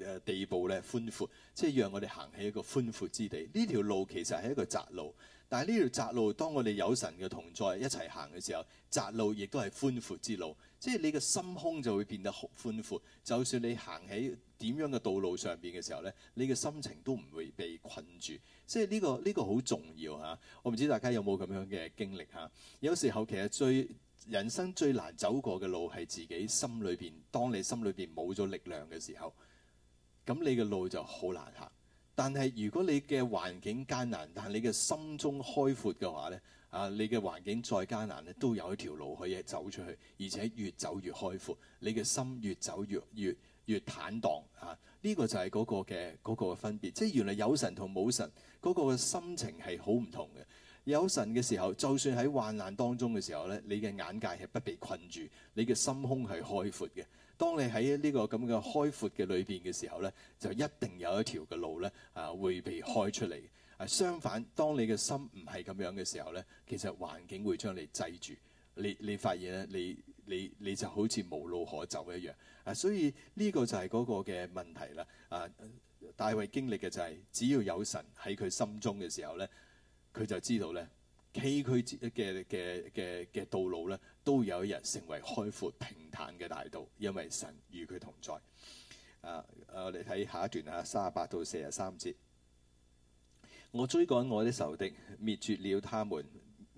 誒誒地步咧寬闊，即係讓我哋行起一個寬闊之地。呢條路其實係一個窄路，但係呢條窄路當我哋有神嘅同在一齊行嘅時候，窄路亦都係寬闊之路。即係你嘅心胸就會變得好寬闊，就算你行喺點樣嘅道路上邊嘅時候咧，你嘅心情都唔會被困住。即係呢個呢個好重要嚇。我唔知大家有冇咁樣嘅經歷嚇。有時候其實最人生最難走過嘅路係自己心裏邊，當你心裏邊冇咗力量嘅時候，咁你嘅路就好難行。但係如果你嘅環境艱難，但係你嘅心中開闊嘅話咧。啊！你嘅環境再艱難咧，都有一條路可以走出去，而且越走越開闊。你嘅心越走越越越坦蕩啊！呢個就係嗰個嘅嗰個嘅分別，即係原來有神同冇神嗰個嘅心情係好唔同嘅。有神嘅時候，就算喺患難當中嘅時候咧，你嘅眼界係不被困住，你嘅心胸係開闊嘅。當你喺呢個咁嘅開闊嘅裏邊嘅時候咧，就一定有一條嘅路咧啊，會被開出嚟。啊，相反，當你嘅心唔係咁樣嘅時候咧，其實環境會將你制住，你你發現咧，你你你就好似無路可走一樣。啊，所以呢個就係嗰個嘅問題啦。啊，大衛經歷嘅就係，只要有神喺佢心中嘅時候咧，佢就知道咧崎嶇嘅嘅嘅嘅道路咧，都有一日成為開闊平坦嘅大道，因為神與佢同在。啊，我哋睇下一段啊，三十八到四十三節。我追趕我的仇敵，滅絕了他們，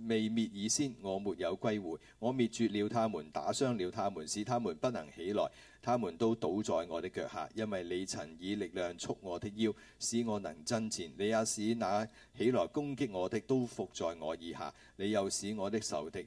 未滅以先，我沒有歸回。我滅絕了他們，打傷了他們，使他們不能起來。他們都倒在我的腳下，因為你曾以力量束我的腰，使我能爭戰。你也使那起來攻擊我的都服在我以下。你又使我的仇敵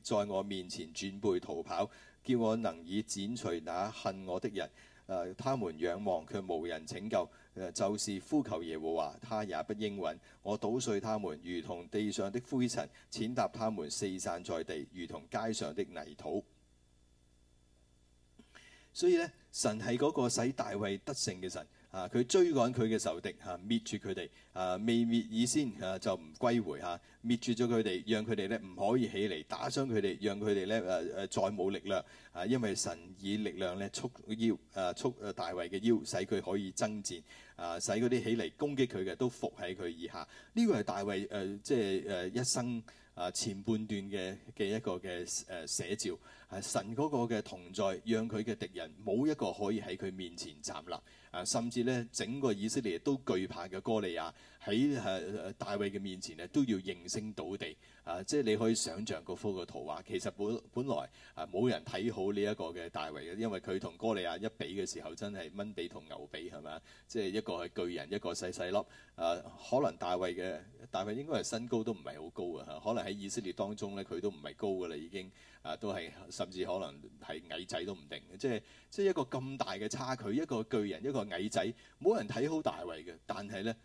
在我面前轉背逃跑，叫我能以剪除那恨我的人。誒、呃，他們仰望卻無人拯救。就是呼求耶和華，他也不應允；我搗碎他們，如同地上的灰塵；踐踏他們，四散在地，如同街上的泥土。所以咧，神係嗰個使大衛得勝嘅神。啊！佢追趕佢嘅仇敵嚇、啊，滅絕佢哋啊，未滅以先啊，就唔歸回嚇、啊。滅絕咗佢哋，讓佢哋咧唔可以起嚟，打傷佢哋，讓佢哋咧誒誒再冇力量啊！因為神以力量咧束腰啊束啊大衛嘅腰，使佢可以爭戰啊！使嗰啲起嚟攻擊佢嘅都伏喺佢以下。呢個係大衛誒即係誒一生啊前半段嘅嘅一個嘅誒寫照係、啊、神嗰個嘅同在，讓佢嘅敵人冇一個可以喺佢面前站立。甚至咧，整個以色列都懼怕嘅歌利亞。喺誒大衛嘅面前咧，都要應聲倒地啊！即係你可以想像嗰幅嘅圖畫，其實本本來啊冇人睇好呢一個嘅大衛嘅，因為佢同哥利亞一比嘅時候，真係蚊比同牛比係咪？即係一個係巨人，一個細細粒啊！可能大衛嘅大衛應該係身高都唔係好高啊。嚇，可能喺以色列當中咧，佢都唔係高㗎喇已經啊，都係甚至可能係矮仔都唔定。即係即係一個咁大嘅差距，一個巨人，一個矮仔，冇人睇好大衛嘅，但係咧。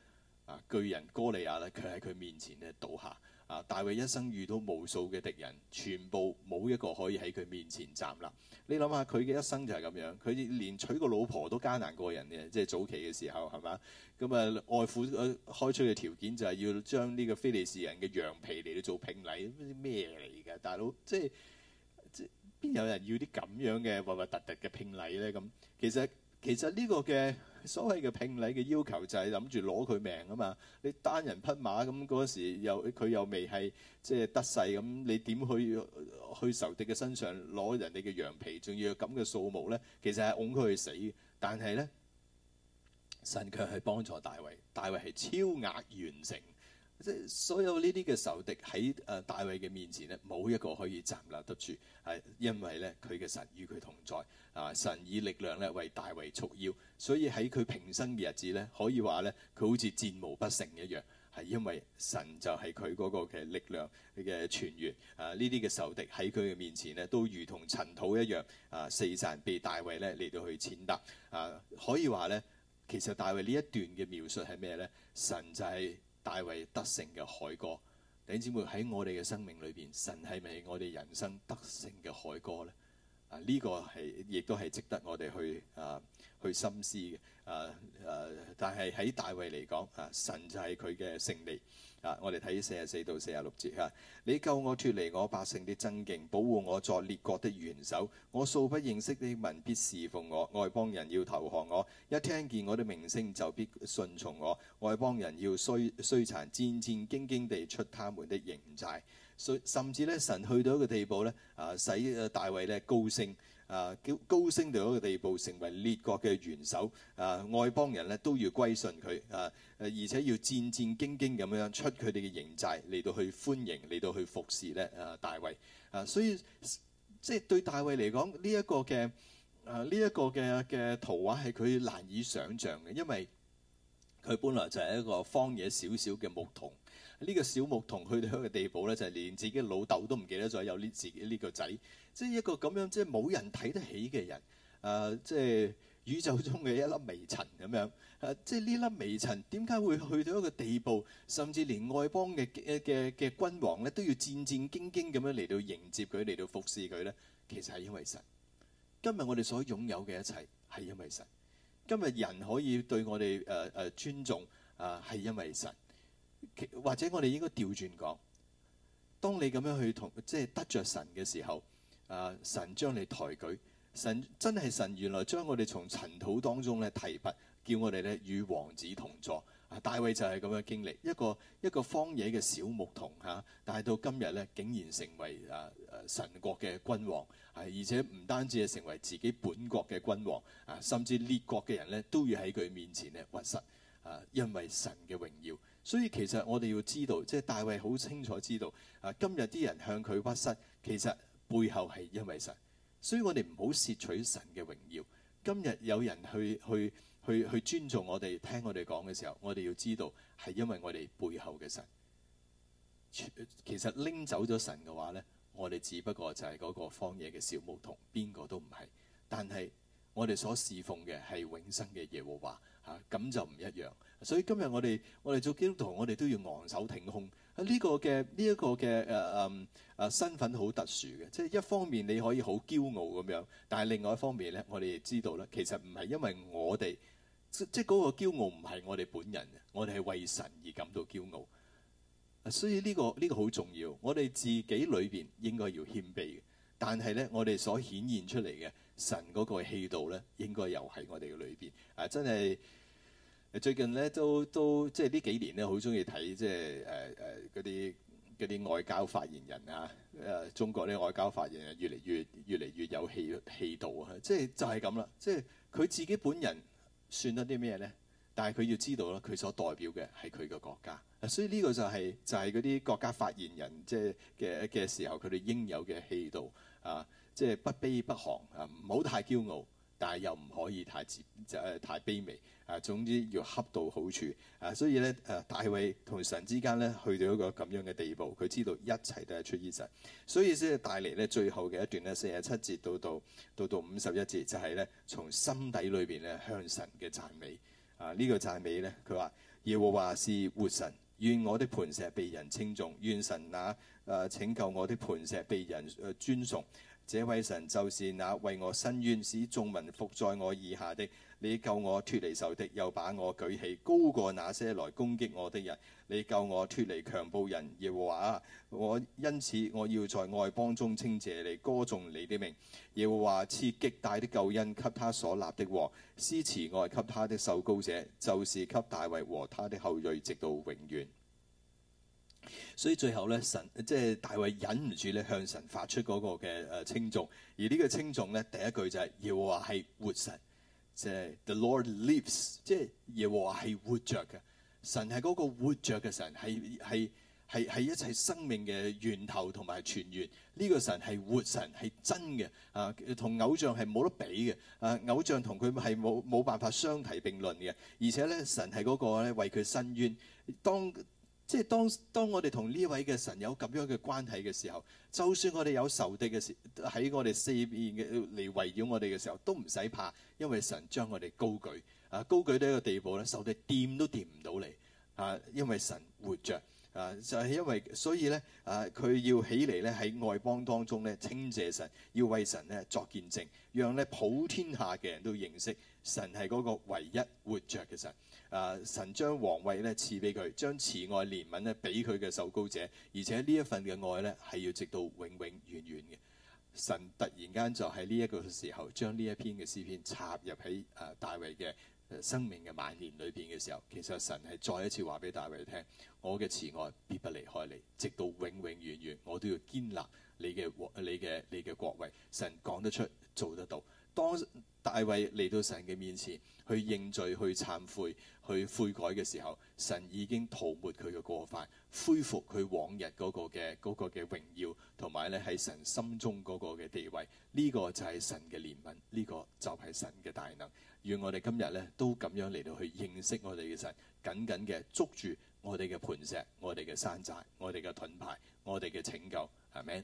巨人哥利亞咧，佢喺佢面前咧倒下。啊！大衛一生遇到無數嘅敵人，全部冇一個可以喺佢面前站立。你諗下佢嘅一生就係咁樣，佢連娶個老婆都艱難過人嘅，即係早期嘅時候係嘛？咁啊、嗯，外父開出嘅條件就係要將呢個非利士人嘅羊皮嚟到做聘禮，咩嚟㗎？大佬即係即係邊有人要啲咁樣嘅核核突突嘅聘禮咧？咁其實。其實呢個嘅所謂嘅聘禮嘅要求就係諗住攞佢命啊嘛！你單人匹馬咁嗰時又佢又未係即係得勢咁，你點去去仇敵嘅身上攞人哋嘅羊皮，仲要有咁嘅數目咧？其實係拱佢去死。但係咧，神卻係幫助大衛，大衛係超額完成。即係所有呢啲嘅仇敵喺誒大衛嘅面前咧，冇一個可以站立得住，係因為咧佢嘅神與佢同在。啊！神以力量咧為大衛束腰，所以喺佢平生嘅日子咧，可以話咧佢好似戰無不勝一樣，係因為神就係佢嗰個嘅力量嘅泉源。啊！呢啲嘅仇敵喺佢嘅面前咧，都如同塵土一樣啊，四散被大衛咧嚟到去踐踏。啊！可以話咧，其實大衛呢一段嘅描述係咩咧？神就係大衛得勝嘅凱歌。弟兄姊妹，喺我哋嘅生命裏邊，神係咪我哋人生得勝嘅凱歌咧？啊！呢，這個係亦都係值得我哋去啊去深思嘅。誒、啊、誒、啊，但係喺大衛嚟講，啊，神就係佢嘅勝利。啊，我哋睇四十四到四十六節嚇，你救我脫離我百姓的爭競，保護我作列國的元首。我素不認識的民必侍奉我，外邦人要投降我。一聽見我的名聲就必順從我，外邦人要衰衰殘，戰戰兢兢地出他們的營寨。所以甚至咧，神去到一個地步咧，啊，使大衛咧高升，啊，高高升到一個地步，成為列國嘅元首，啊，外邦人咧都要歸順佢，啊，而且要戰戰兢兢咁樣出佢哋嘅營寨嚟到去歡迎，嚟到去服侍咧，啊，大衛，啊，所以即係對大衛嚟講，呢一個嘅，啊，呢一個嘅嘅圖畫係佢難以想像嘅，因為佢本來就係一個荒野少少嘅牧童。呢個小牧童去到一個地步咧，就係、是、連自己老豆都唔記得咗有呢自己呢個仔，即係一個咁樣，即係冇人睇得起嘅人，誒、呃，即係宇宙中嘅一粒微塵咁樣，誒、啊，即係呢粒微塵點解會去到一個地步，甚至連外邦嘅嘅嘅君王咧都要戰戰兢兢咁樣嚟到迎接佢嚟到服侍佢咧？其實係因為神。今日我哋所擁有嘅一切係因為神。今日人可以對我哋誒誒尊重，啊、呃、係因為神。或者我哋應該調轉講，當你咁樣去同即係得着神嘅時候，啊，神將你抬舉，神真係神原來將我哋從塵土當中呢提拔，叫我哋呢與王子同坐。啊，大衛就係咁樣經歷一個一個荒野嘅小牧童嚇，但、啊、係到今日呢，竟然成為啊神國嘅君王，係、啊、而且唔單止係成為自己本國嘅君王啊，甚至列國嘅人呢，都要喺佢面前呢屈膝啊，因為神嘅榮耀。所以其實我哋要知道，即係大衛好清楚知道，啊今日啲人向佢屈膝，其實背後係因為神。所以我哋唔好竊取神嘅榮耀。今日有人去去去去尊重我哋，聽我哋講嘅時候，我哋要知道係因為我哋背後嘅神。其實拎走咗神嘅話呢，我哋只不過就係嗰個荒野嘅小牧童，邊個都唔係。但係我哋所侍奉嘅係永生嘅耶和華。咁就唔一樣，所以今日我哋我哋做基督徒，我哋都要昂首挺胸。喺呢個嘅呢一個嘅誒誒誒身份好特殊嘅，即係一方面你可以好驕傲咁樣，但係另外一方面咧，我哋亦知道咧，其實唔係因為我哋，即即嗰個驕傲唔係我哋本人，我哋係為神而感到驕傲。所以呢個呢個好重要，我哋自己裏邊應該要謙卑嘅，但係咧，我哋所顯現出嚟嘅神嗰個氣度咧，應該又喺我哋嘅裏邊啊！真係。最近咧都都即係呢幾年咧，好中意睇即係誒誒嗰啲啲外交發言人啊。誒中國啲外交發言人越嚟越越嚟越有氣氣度啊！即係就係咁啦，即係佢自己本人算得啲咩咧？但係佢要知道啦，佢所代表嘅係佢嘅國家。所以呢個就係、是、就係嗰啲國家發言人即係嘅嘅時候，佢哋應有嘅氣度啊，即係不卑不亢，啊，唔好太驕傲，但係又唔可以太自誒、呃、太卑微。啊，總之要恰到好處啊，所以咧，誒大衛同神之間咧，去到一個咁樣嘅地步，佢知道一切都係出於神，所以先帶嚟咧最後嘅一段咧四十七節到到到到五十一節就係、是、咧從心底裏邊咧向神嘅讚美啊呢、這個讚美咧佢話耶和華是活神，願我的磐石被人稱頌，願神啊誒拯救我的磐石被人誒尊崇。這位神就是那為我申冤、使眾民伏在我以下的。你救我脫離仇敵，又把我舉起高過那些來攻擊我的人。你救我脫離強暴人，耶和華我因此我要在外邦中稱謝你，歌頌你的名。耶和華賜極大的救恩給他所立的王，施慈愛給他的受膏者，就是給大衛和他的後裔，直到永遠。所以最後咧，神即係大衛忍唔住咧向神發出嗰個嘅誒稱頌，而個重呢個稱頌咧第一句就係耶和華係活神，即係 The Lord lives，即係耶和華係活着嘅，神係嗰個活着嘅神，係係係係一切生命嘅源頭同埋泉源，呢、呢個神係活神係真嘅啊，同偶像係冇得比嘅啊，偶像同佢係冇冇辦法相提並論嘅，而且咧神係嗰個咧為佢伸冤當。即係當當我哋同呢位嘅神有咁樣嘅關係嘅時候，就算我哋有仇敵嘅時喺我哋四邊嘅嚟圍繞我哋嘅時候，都唔使怕，因為神將我哋高舉啊！高舉到一個地步咧，仇敵掂都掂唔到你啊！因為神活著啊，就係因為所以咧啊，佢要起嚟咧喺外邦當中咧，稱謝神，要為神咧作見證，讓咧普天下嘅人都認識神係嗰個唯一活著嘅神。啊！神將王位呢，賜俾佢，將慈愛憐憫呢，俾佢嘅受膏者，而且呢一份嘅愛呢，係要直到永永遠遠嘅。神突然間就喺呢一個時候將呢一篇嘅詩篇插入喺啊大衛嘅生命嘅晚年裏邊嘅時候，其實神係再一次話俾大衛聽：我嘅慈愛必不離開你，直到永永遠遠，我都要堅立你嘅你嘅你嘅國位。神講得出，做得到。當大衛嚟到神嘅面前去認罪、去懺悔、去悔改嘅時候，神已經塗抹佢嘅過犯，恢復佢往日嗰個嘅嗰個嘅榮耀，同埋咧喺神心中嗰個嘅地位。呢個就係神嘅憐憫，呢個就係神嘅大能。願我哋今日咧都咁樣嚟到去認識我哋嘅神，緊緊嘅捉住我哋嘅磐石、我哋嘅山寨、我哋嘅盾牌、我哋嘅拯救。阿門。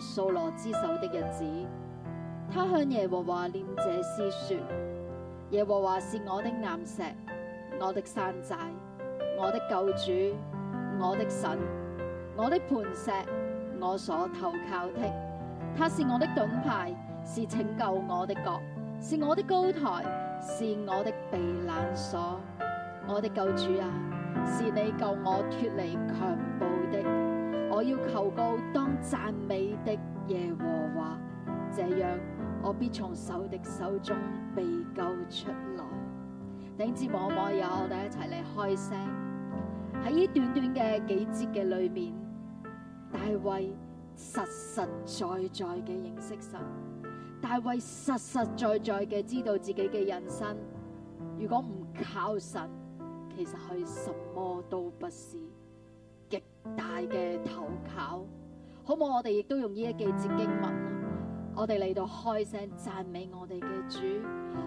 掃羅之手的日子，他向耶和華念這詩說：耶和華是我的巖石，我的山寨，我的救主，我的神，我的磐石，我所投靠的。他是我的盾牌，是拯救我的角，是我的高台，是我的避難所。我的救主啊，是你救我脫離強。我要求告當讚美的耶和華，這樣我必從仇敵手中被救出來。頂子望望有，我哋一齊嚟開聲。喺呢短短嘅幾節嘅裏面，大衛實實在在嘅認識神，大衛實實在在嘅知道自己嘅人生。如果唔靠神，其實佢什麼都不是。大嘅投靠，好冇？我哋亦都用呢一幾節經文，我哋嚟到開聲讚美我哋嘅主，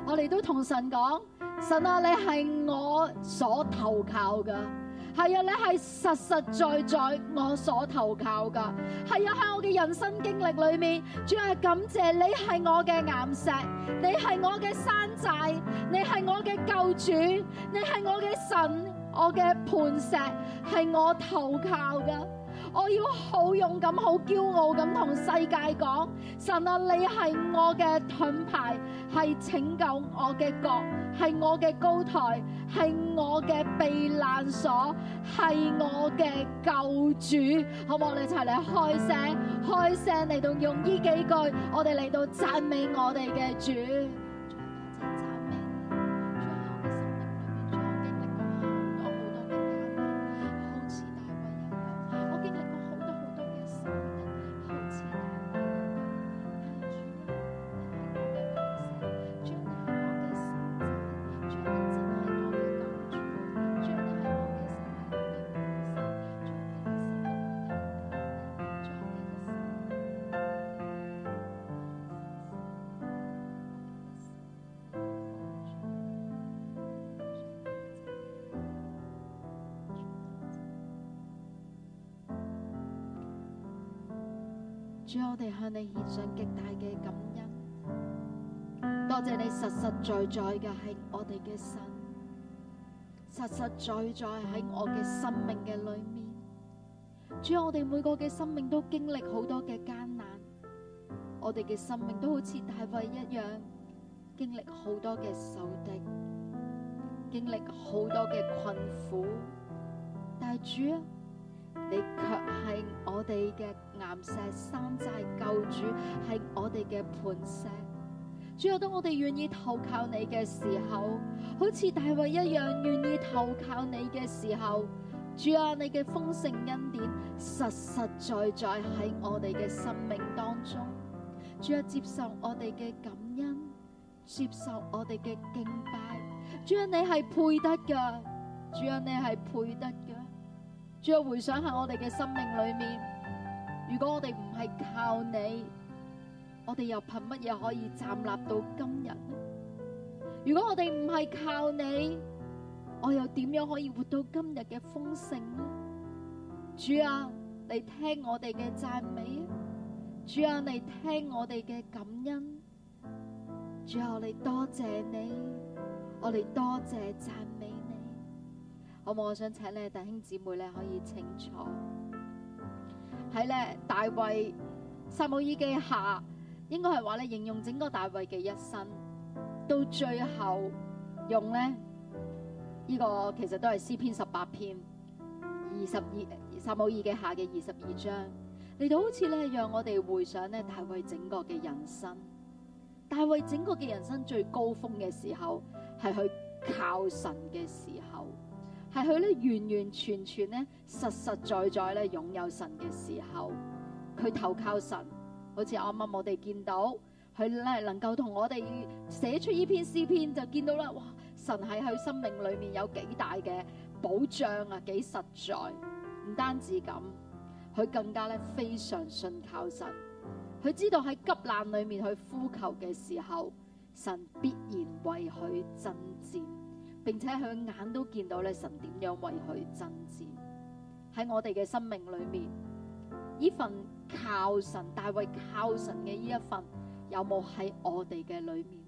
我哋都同神講：神啊，你係我所投靠噶，係啊，你係實實在在我所投靠噶，係啊，喺我嘅人生經歷裏面，主要係感謝你係我嘅岩石，你係我嘅山寨，你係我嘅救主，你係我嘅神。我嘅磐石係我投靠噶，我要好勇敢、好驕傲咁同世界講：神啊，你係我嘅盾牌，係拯救我嘅角，係我嘅高台，係我嘅避難所，係我嘅救主。好唔好？我哋齊嚟開聲，開聲嚟到用呢幾句，我哋嚟到讚美我哋嘅主。主，我哋向你獻上極大嘅感恩，多謝你實實在在嘅係我哋嘅神，實實在在喺我嘅生命嘅裏面。主，我哋每個嘅生命都經歷好多嘅艱難，我哋嘅生命都好似大衛一樣，經歷好多嘅仇敵，經歷好多嘅困苦，但係主，卻係我哋嘅巖石、山寨、救主，係我哋嘅磐石。主啊，當我哋願意投靠你嘅時候，好似大衛一樣願意投靠你嘅時候，主啊，你嘅豐盛恩典實實在在喺我哋嘅生命當中。主啊，接受我哋嘅感恩，接受我哋嘅敬拜。主啊，你係配得噶，主啊，你係配得。主啊，再回想下我哋嘅生命裏面，如果我哋唔係靠你，我哋又憑乜嘢可以站立到今日呢？如果我哋唔係靠你，我又點樣可以活到今日嘅豐盛呢？主啊，你聽我哋嘅讚美啊！主啊，你聽我哋嘅感恩！主啊，你多謝你，我哋多謝讚美。好冇我想請咧弟兄姊妹咧，可以清楚喺咧大衛撒母耳記下，應該係話咧形容整個大衛嘅一生，到最後用咧呢、這個其實都係詩篇十八篇 22, 二十二撒母耳記下嘅二十二章嚟到好似咧讓我哋回想咧大衛整個嘅人生，大衛整個嘅人生最高峰嘅時候係去靠神嘅時候。係佢咧，完完全全咧，實實在在咧，擁有神嘅時候，佢投靠神，好似啱啱我哋見到，佢咧能夠同我哋寫出呢篇詩篇，就見到啦，哇！神喺佢生命裏面有幾大嘅保障啊，幾實在，唔單止咁，佢更加咧非常信靠神，佢知道喺急難裏面去呼求嘅時候，神必然為佢爭戰。並且佢眼都見到咧，神點樣為佢爭戰。喺我哋嘅生命裏面，呢份靠神、大衛靠神嘅呢一份，有冇喺我哋嘅裏面？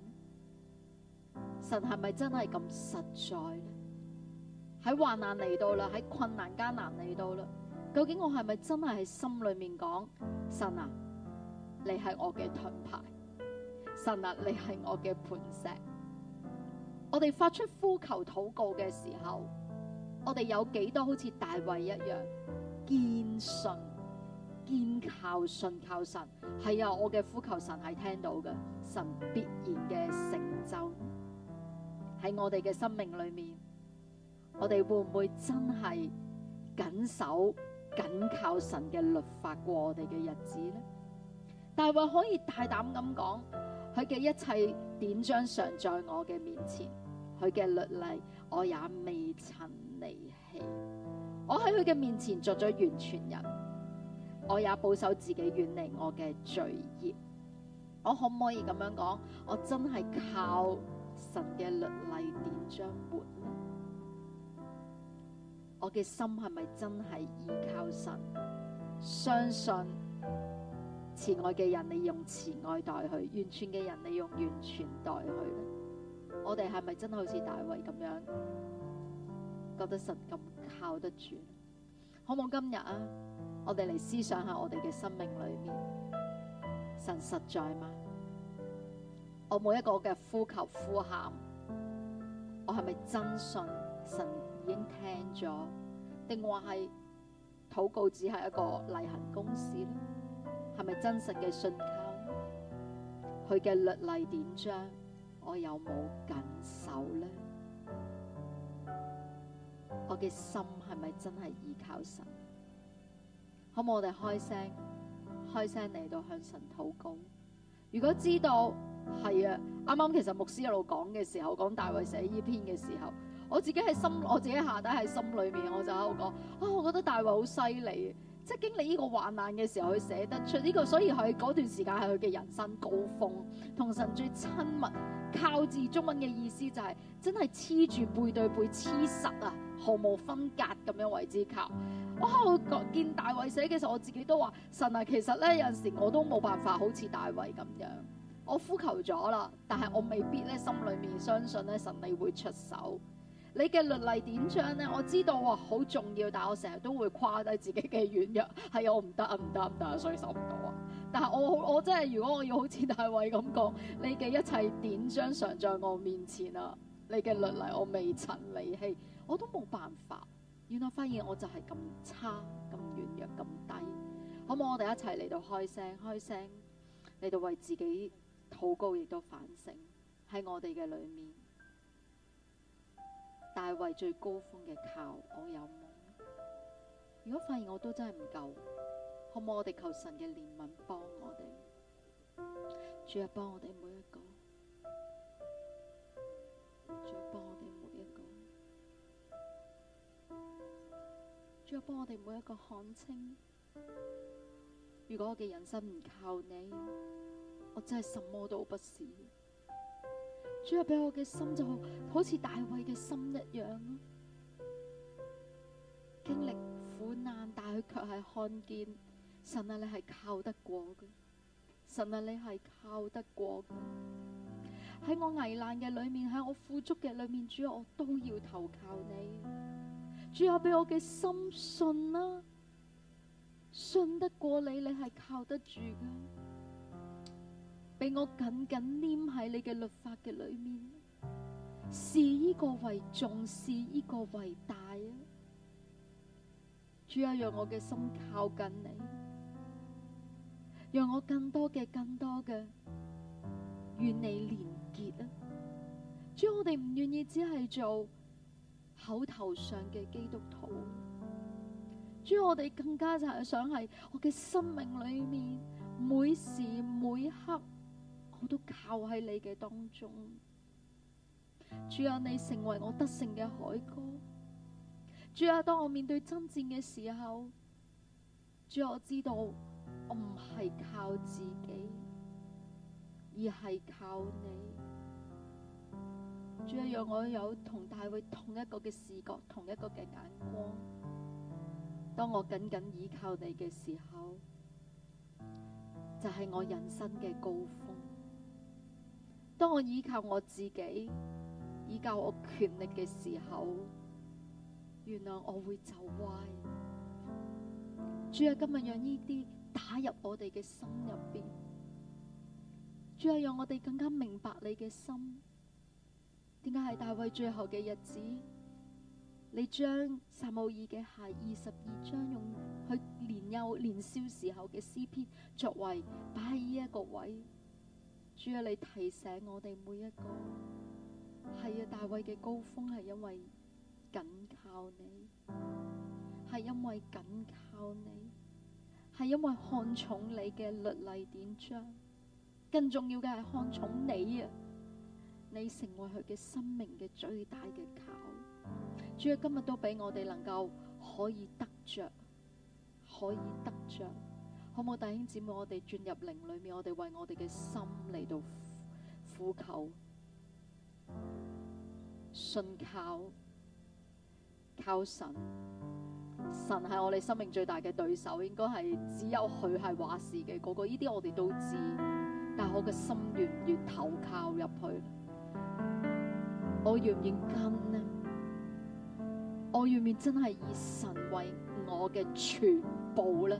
神係咪真係咁實在呢？喺患難嚟到啦，喺困難艱難嚟到啦，究竟我係咪真係喺心裏面講：神啊，你係我嘅盾牌，神啊，你係我嘅磐石。我哋發出呼求禱告嘅時候，我哋有幾多好似大衛一樣，堅信、堅靠信、信靠神？係啊，我嘅呼求神係聽到嘅，神必然嘅成就喺我哋嘅生命裏面。我哋會唔會真係緊守、緊靠神嘅律法過我哋嘅日子呢？大衛可以大膽咁講，佢嘅一切典章常在我嘅面前。佢嘅律例，我也未曾離棄。我喺佢嘅面前作咗完全人，我也保守自己遠離我嘅罪孽。我可唔可以咁樣講？我真係靠神嘅律例點樣活呢？我嘅心係咪真係依靠神？相信慈愛嘅人，你用慈愛待佢；完全嘅人，你用完全待佢。我哋係咪真係好似大衛咁樣覺得神咁靠得住？好冇今日啊！我哋嚟思想下我哋嘅生命裏面，神實在嗎？我每一個嘅呼求呼喊，我係咪真信神已經聽咗？定話係禱告只係一個例行公事呢？係咪真實嘅信靠？佢嘅律例典章？我有冇緊守咧？我嘅心係咪真係依靠神？好冇，我哋開聲，開聲嚟到向神禱告。如果知道係啊，啱啱其實牧師一路講嘅時候，講大衛寫依篇嘅時候，我自己喺心，我自己下底喺心裏面，我就喺度講啊，我覺得大衛好犀利，即係經歷呢個患難嘅時候，佢寫得出呢個，所以佢嗰段時間係佢嘅人生高峰，同神最親密。靠字中文嘅意思就係、是、真係黐住背對背黐實啊，毫無分隔咁樣為之靠。哦、我喺度見大衛寫嘅時候，我自己都話神啊，其實咧有陣時我都冇辦法好似大衛咁樣，我呼求咗啦，但係我未必咧心裏面相信咧神你會出手。你嘅律例典章咧？我知道哇，好重要，但係我成日都會跨低自己嘅軟弱。係、哎、啊，我唔得啊，唔得唔得啊，所以受唔到啊。但係我好，我真係如果我要好似大衛咁講，你嘅一切典章常在我面前啊！你嘅律例我未曾離棄，我都冇辦法。原來發現我就係咁差、咁軟弱、咁低，可唔可我哋一齊嚟到開聲、開聲嚟到為自己禱告亦都反省喺我哋嘅裡面。大衛最高峰嘅靠，我有冇？如果發現我都真係唔夠，可唔可我哋求神嘅憐憫幫我哋？主要幫我哋每一個，主要幫我哋每一個，主要幫我哋每一個看清。如果我嘅人生唔靠你，我真係什麼都不是。主啊，俾我嘅心就好似大衛嘅心一樣咯、啊，經歷苦難，但佢卻係看見神啊，你係靠得過嘅，神啊，你係靠得過。喺、啊、我危難嘅裏面，喺我富足嘅裏面，主啊，我都要投靠你、啊。主啊，俾我嘅心信啦，信得過你，你係靠得住嘅。俾我緊緊黏喺你嘅律法嘅裏面，視呢個為重，視呢個為大啊！主啊，讓我嘅心靠近你，讓我更多嘅、更多嘅與你連結啊！主，我哋唔願意只係做口頭上嘅基督徒，主，我哋更加就係想係我嘅生命裏面每時每刻。我都靠喺你嘅當中，主啊，你成為我得勝嘅海哥，主啊，當我面對爭戰嘅時候，主啊，我知道我唔係靠自己，而係靠你，主啊，讓我有同大衛同一個嘅視覺，同一個嘅眼光。當我緊緊倚靠你嘅時候，就係、是、我人生嘅高峰。當我依靠我自己、依靠我權力嘅時候，原來我會走歪。主要今日讓呢啲打入我哋嘅心入邊。主要讓我哋更加明白你嘅心。點解係大衛最後嘅日子，你將撒母耳記下二十二章用去年幼年少時候嘅詩篇作為擺喺呢一個位？主啊，你提醒我哋每一個，係啊，大衛嘅高峰係因為緊靠你，係因為緊靠你，係因為看重你嘅律例典章，更重要嘅係看重你啊！你成為佢嘅生命嘅最大嘅靠。主要今日都俾我哋能夠可以得着，可以得着。好冇，弟兄姊妹，我哋轉入靈裏面，我哋為我哋嘅心嚟到呼，呼求，信靠靠神，神係我哋生命最大嘅對手，應該係只有佢係話事嘅嗰個。呢啲我哋都知，但係我嘅心願唔願投靠入去，我願唔願跟呢？我願唔願真係以神為我嘅全部呢？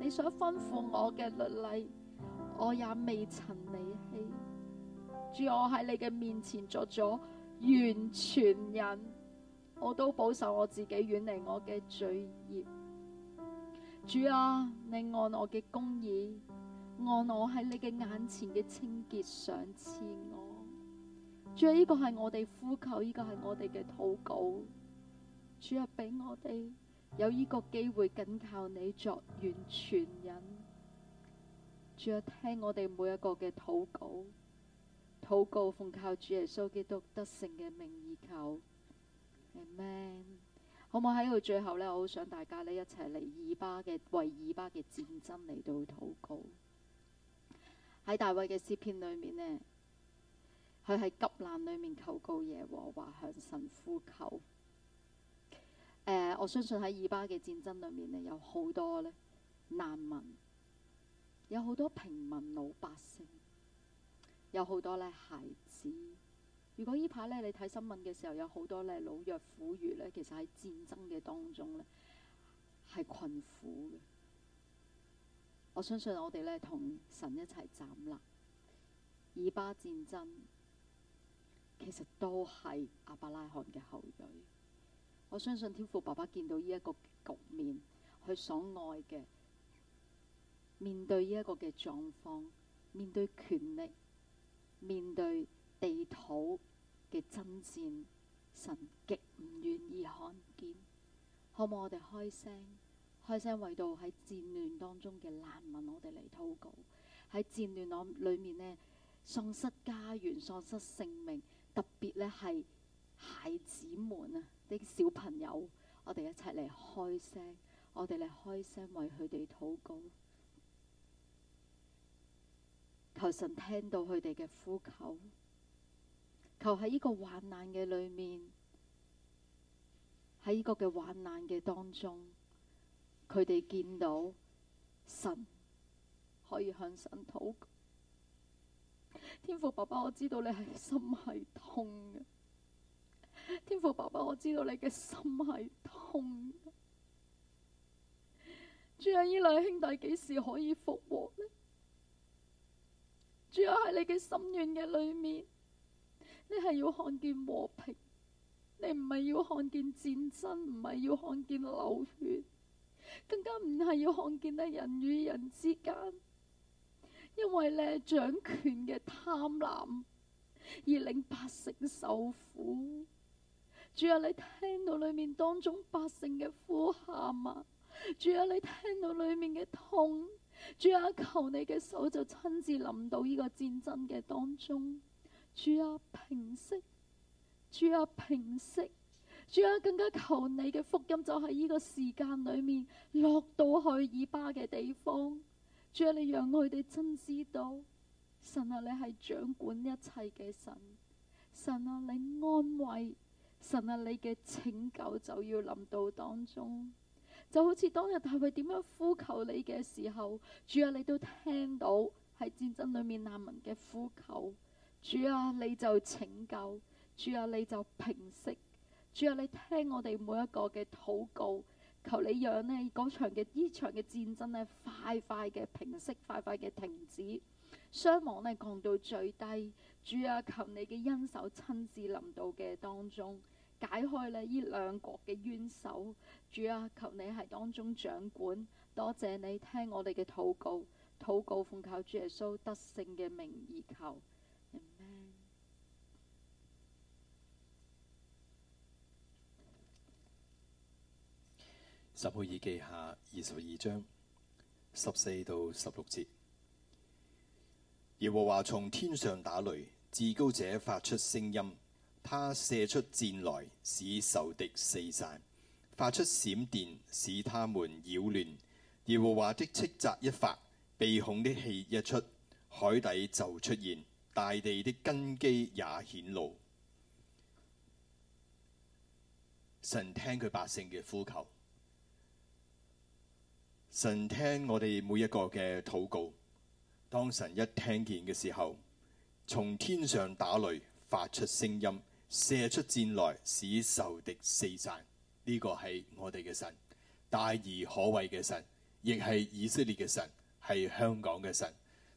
你想吩咐我嘅律例，我也未曾離棄。主我喺你嘅面前作咗完全人，我都保守我自己遠離我嘅罪孽。主啊，你按我嘅公義，按我喺你嘅眼前嘅清潔賞賜我。主啊，呢個係我哋呼求，呢個係我哋嘅禱告。主啊，俾我哋。有呢個機會僅靠你作完全人，仲有聽我哋每一個嘅禱告，禱告奉靠主耶穌基督得勝嘅名義求，amen 好好。好唔好喺度最後呢，我好想大家呢一齊嚟，以巴嘅為以巴嘅戰爭嚟到禱告。喺大衛嘅詩篇裏面呢，佢喺急難裏面求告耶和華，向神呼求。誒、呃，我相信喺以巴嘅戰爭裏面咧，有好多咧難民，有好多平民老百姓，有好多咧孩子。如果呢排咧你睇新聞嘅時候，有好多咧老弱婦孺咧，其實喺戰爭嘅當中咧係困苦嘅。我相信我哋咧同神一齊站立，以巴戰爭其實都係阿伯拉罕嘅後裔。我相信天父爸爸見到呢一個局面，佢所愛嘅面對呢一個嘅狀況，面對權力、面對地土嘅爭戰，神極唔願意看見，可唔可以，我哋開聲開聲為到喺戰亂當中嘅難民，我哋嚟禱告。喺戰亂裏面呢，喪失家園喪失性命，特別咧係孩子們啊！啲小朋友，我哋一齊嚟開聲，我哋嚟開聲為佢哋禱告，求神聽到佢哋嘅呼求，求喺呢個患難嘅裏面，喺呢個嘅患難嘅當中，佢哋見到神可以向神禱告。天父爸爸，我知道你係心係痛嘅。天父爸爸，我知道你嘅心係痛。主啊，呢兩兄弟幾時可以復活呢？主啊，喺你嘅心願嘅裏面，你係要看見和平，你唔係要看見戰爭，唔係要看見流血，更加唔係要看見啊人與人之間，因為你係掌權嘅貪婪而令百姓受苦。主啊，你聽到裏面當中百姓嘅呼喊啊！主啊，你聽到裏面嘅痛，主啊，求你嘅手就親自臨到呢個戰爭嘅當中，主啊，平息，主啊，平息，主啊，更加求你嘅福音就喺呢個時間裏面落到去以巴嘅地方，主啊，你讓我哋真知道神啊，你係掌管一切嘅神，神啊，你安慰。神啊，你嘅拯救就要臨到當中，就好似當日大衛點樣呼求你嘅時候，主啊，你都聽到，喺戰爭裏面難民嘅呼求，主啊，你就拯救，主啊，你就平息，主啊，你聽我哋每一個嘅禱告，求你讓呢嗰場嘅呢場嘅戰爭呢快快嘅平息，快快嘅停止，傷亡呢降到最低。主啊，求你嘅恩手親自臨到嘅當中，解開咧呢兩國嘅冤仇。主啊，求你喺當中掌管，多謝你聽我哋嘅禱告，禱告奉靠主耶穌得勝嘅名而求。阿門。撒母耳記下二十二章十四到十六節，耶和華從天上打雷。至高者發出聲音，他射出箭來，使仇敵四散；發出閃電，使他們擾亂。耶和華的斥責一發，鼻孔的氣一出，海底就出現，大地的根基也顯露。神聽佢百姓嘅呼求，神聽我哋每一個嘅禱告。當神一聽見嘅時候，從天上打雷，發出聲音，射出箭來，使仇敵四散。呢、這個係我哋嘅神，大而可畏嘅神，亦係以色列嘅神，係香港嘅神。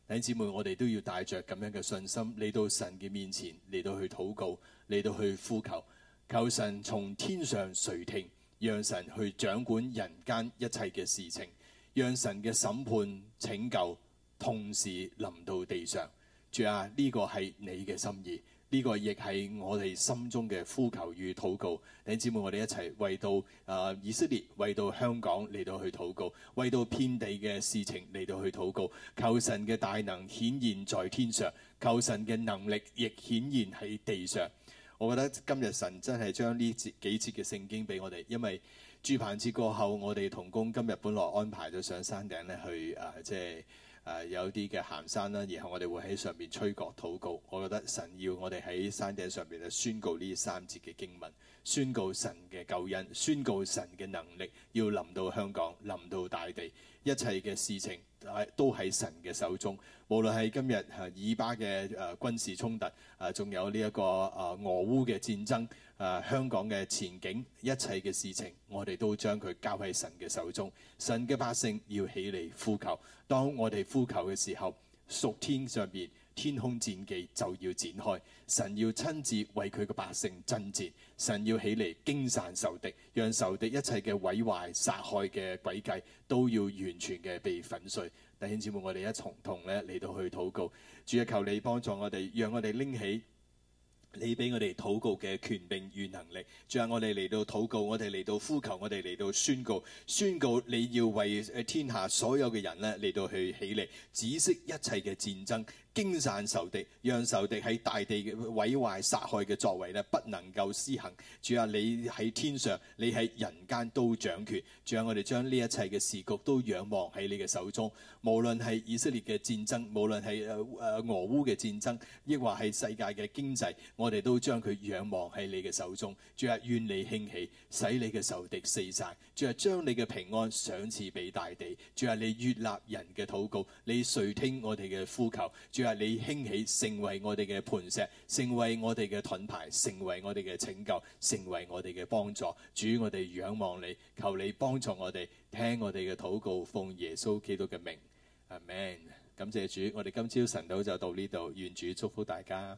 弟兄姊妹，我哋都要帶着咁樣嘅信心，嚟到神嘅面前，嚟到去禱告，嚟到去呼求，求神從天上垂聽，讓神去掌管人間一切嘅事情，讓神嘅審判、拯救同時臨到地上。住啊！呢個係你嘅心意，呢、這個亦係我哋心中嘅呼求與禱告。弟兄姊妹，我哋一齊為到啊、呃、以色列，為到香港嚟到去禱告，為到遍地嘅事情嚟到去禱告。求神嘅大能顯現在天上，求神嘅能力亦顯現喺地上。我覺得今日神真係將呢節幾節嘅聖經俾我哋，因為住棚節過後，我哋同工今日本來安排咗上山頂咧去啊、呃，即係。誒、啊、有啲嘅行山啦，然後我哋會喺上面吹角禱告。我覺得神要我哋喺山頂上面誒宣告呢三節嘅經文，宣告神嘅救恩，宣告神嘅能力要臨到香港，臨到大地，一切嘅事情係都喺神嘅手中。無論係今日以、啊、巴嘅誒、啊、軍事衝突，誒、啊、仲有呢、這、一個誒、啊、俄烏嘅戰爭。啊！香港嘅前景，一切嘅事情，我哋都將佢交喺神嘅手中。神嘅百姓要起嚟呼求。當我哋呼求嘅時候，屬天上邊天空戰記就要展開。神要親自為佢嘅百姓爭戰。神要起嚟驚散仇敵，讓仇敵一切嘅毀壞殺害嘅詭計都要完全嘅被粉碎。弟兄姊妹，我哋一從同咧嚟到去禱告，主啊，求你幫助我哋，讓我哋拎起。你俾我哋禱告嘅權柄與能力，最後我哋嚟到禱告，我哋嚟到呼求，我哋嚟到宣告，宣告你要為天下所有嘅人咧嚟到去起嚟，止息一切嘅戰爭。驚散仇敵，讓仇敵喺大地毀壞、殺害嘅作為咧，不能夠施行。主啊，你喺天上，你喺人間都掌權。主啊，我哋將呢一切嘅時局都仰望喺你嘅手中。無論係以色列嘅戰爭，無論係誒、呃、俄烏嘅戰爭，亦或係世界嘅經濟，我哋都將佢仰望喺你嘅手中。主啊，願你興起，使你嘅仇敵四散。主啊，將你嘅平安賞賜俾大地。主啊，你悦納人嘅禱告，你垂聽我哋嘅呼求。主啊，你興起，成為我哋嘅磐石，成為我哋嘅盾牌，成為我哋嘅拯救，成為我哋嘅幫助。主，我哋仰望你，求你幫助我哋，聽我哋嘅禱告，奉耶穌基督嘅名，阿 Man，感謝主，我哋今朝晨禱就到呢度，願主祝福大家。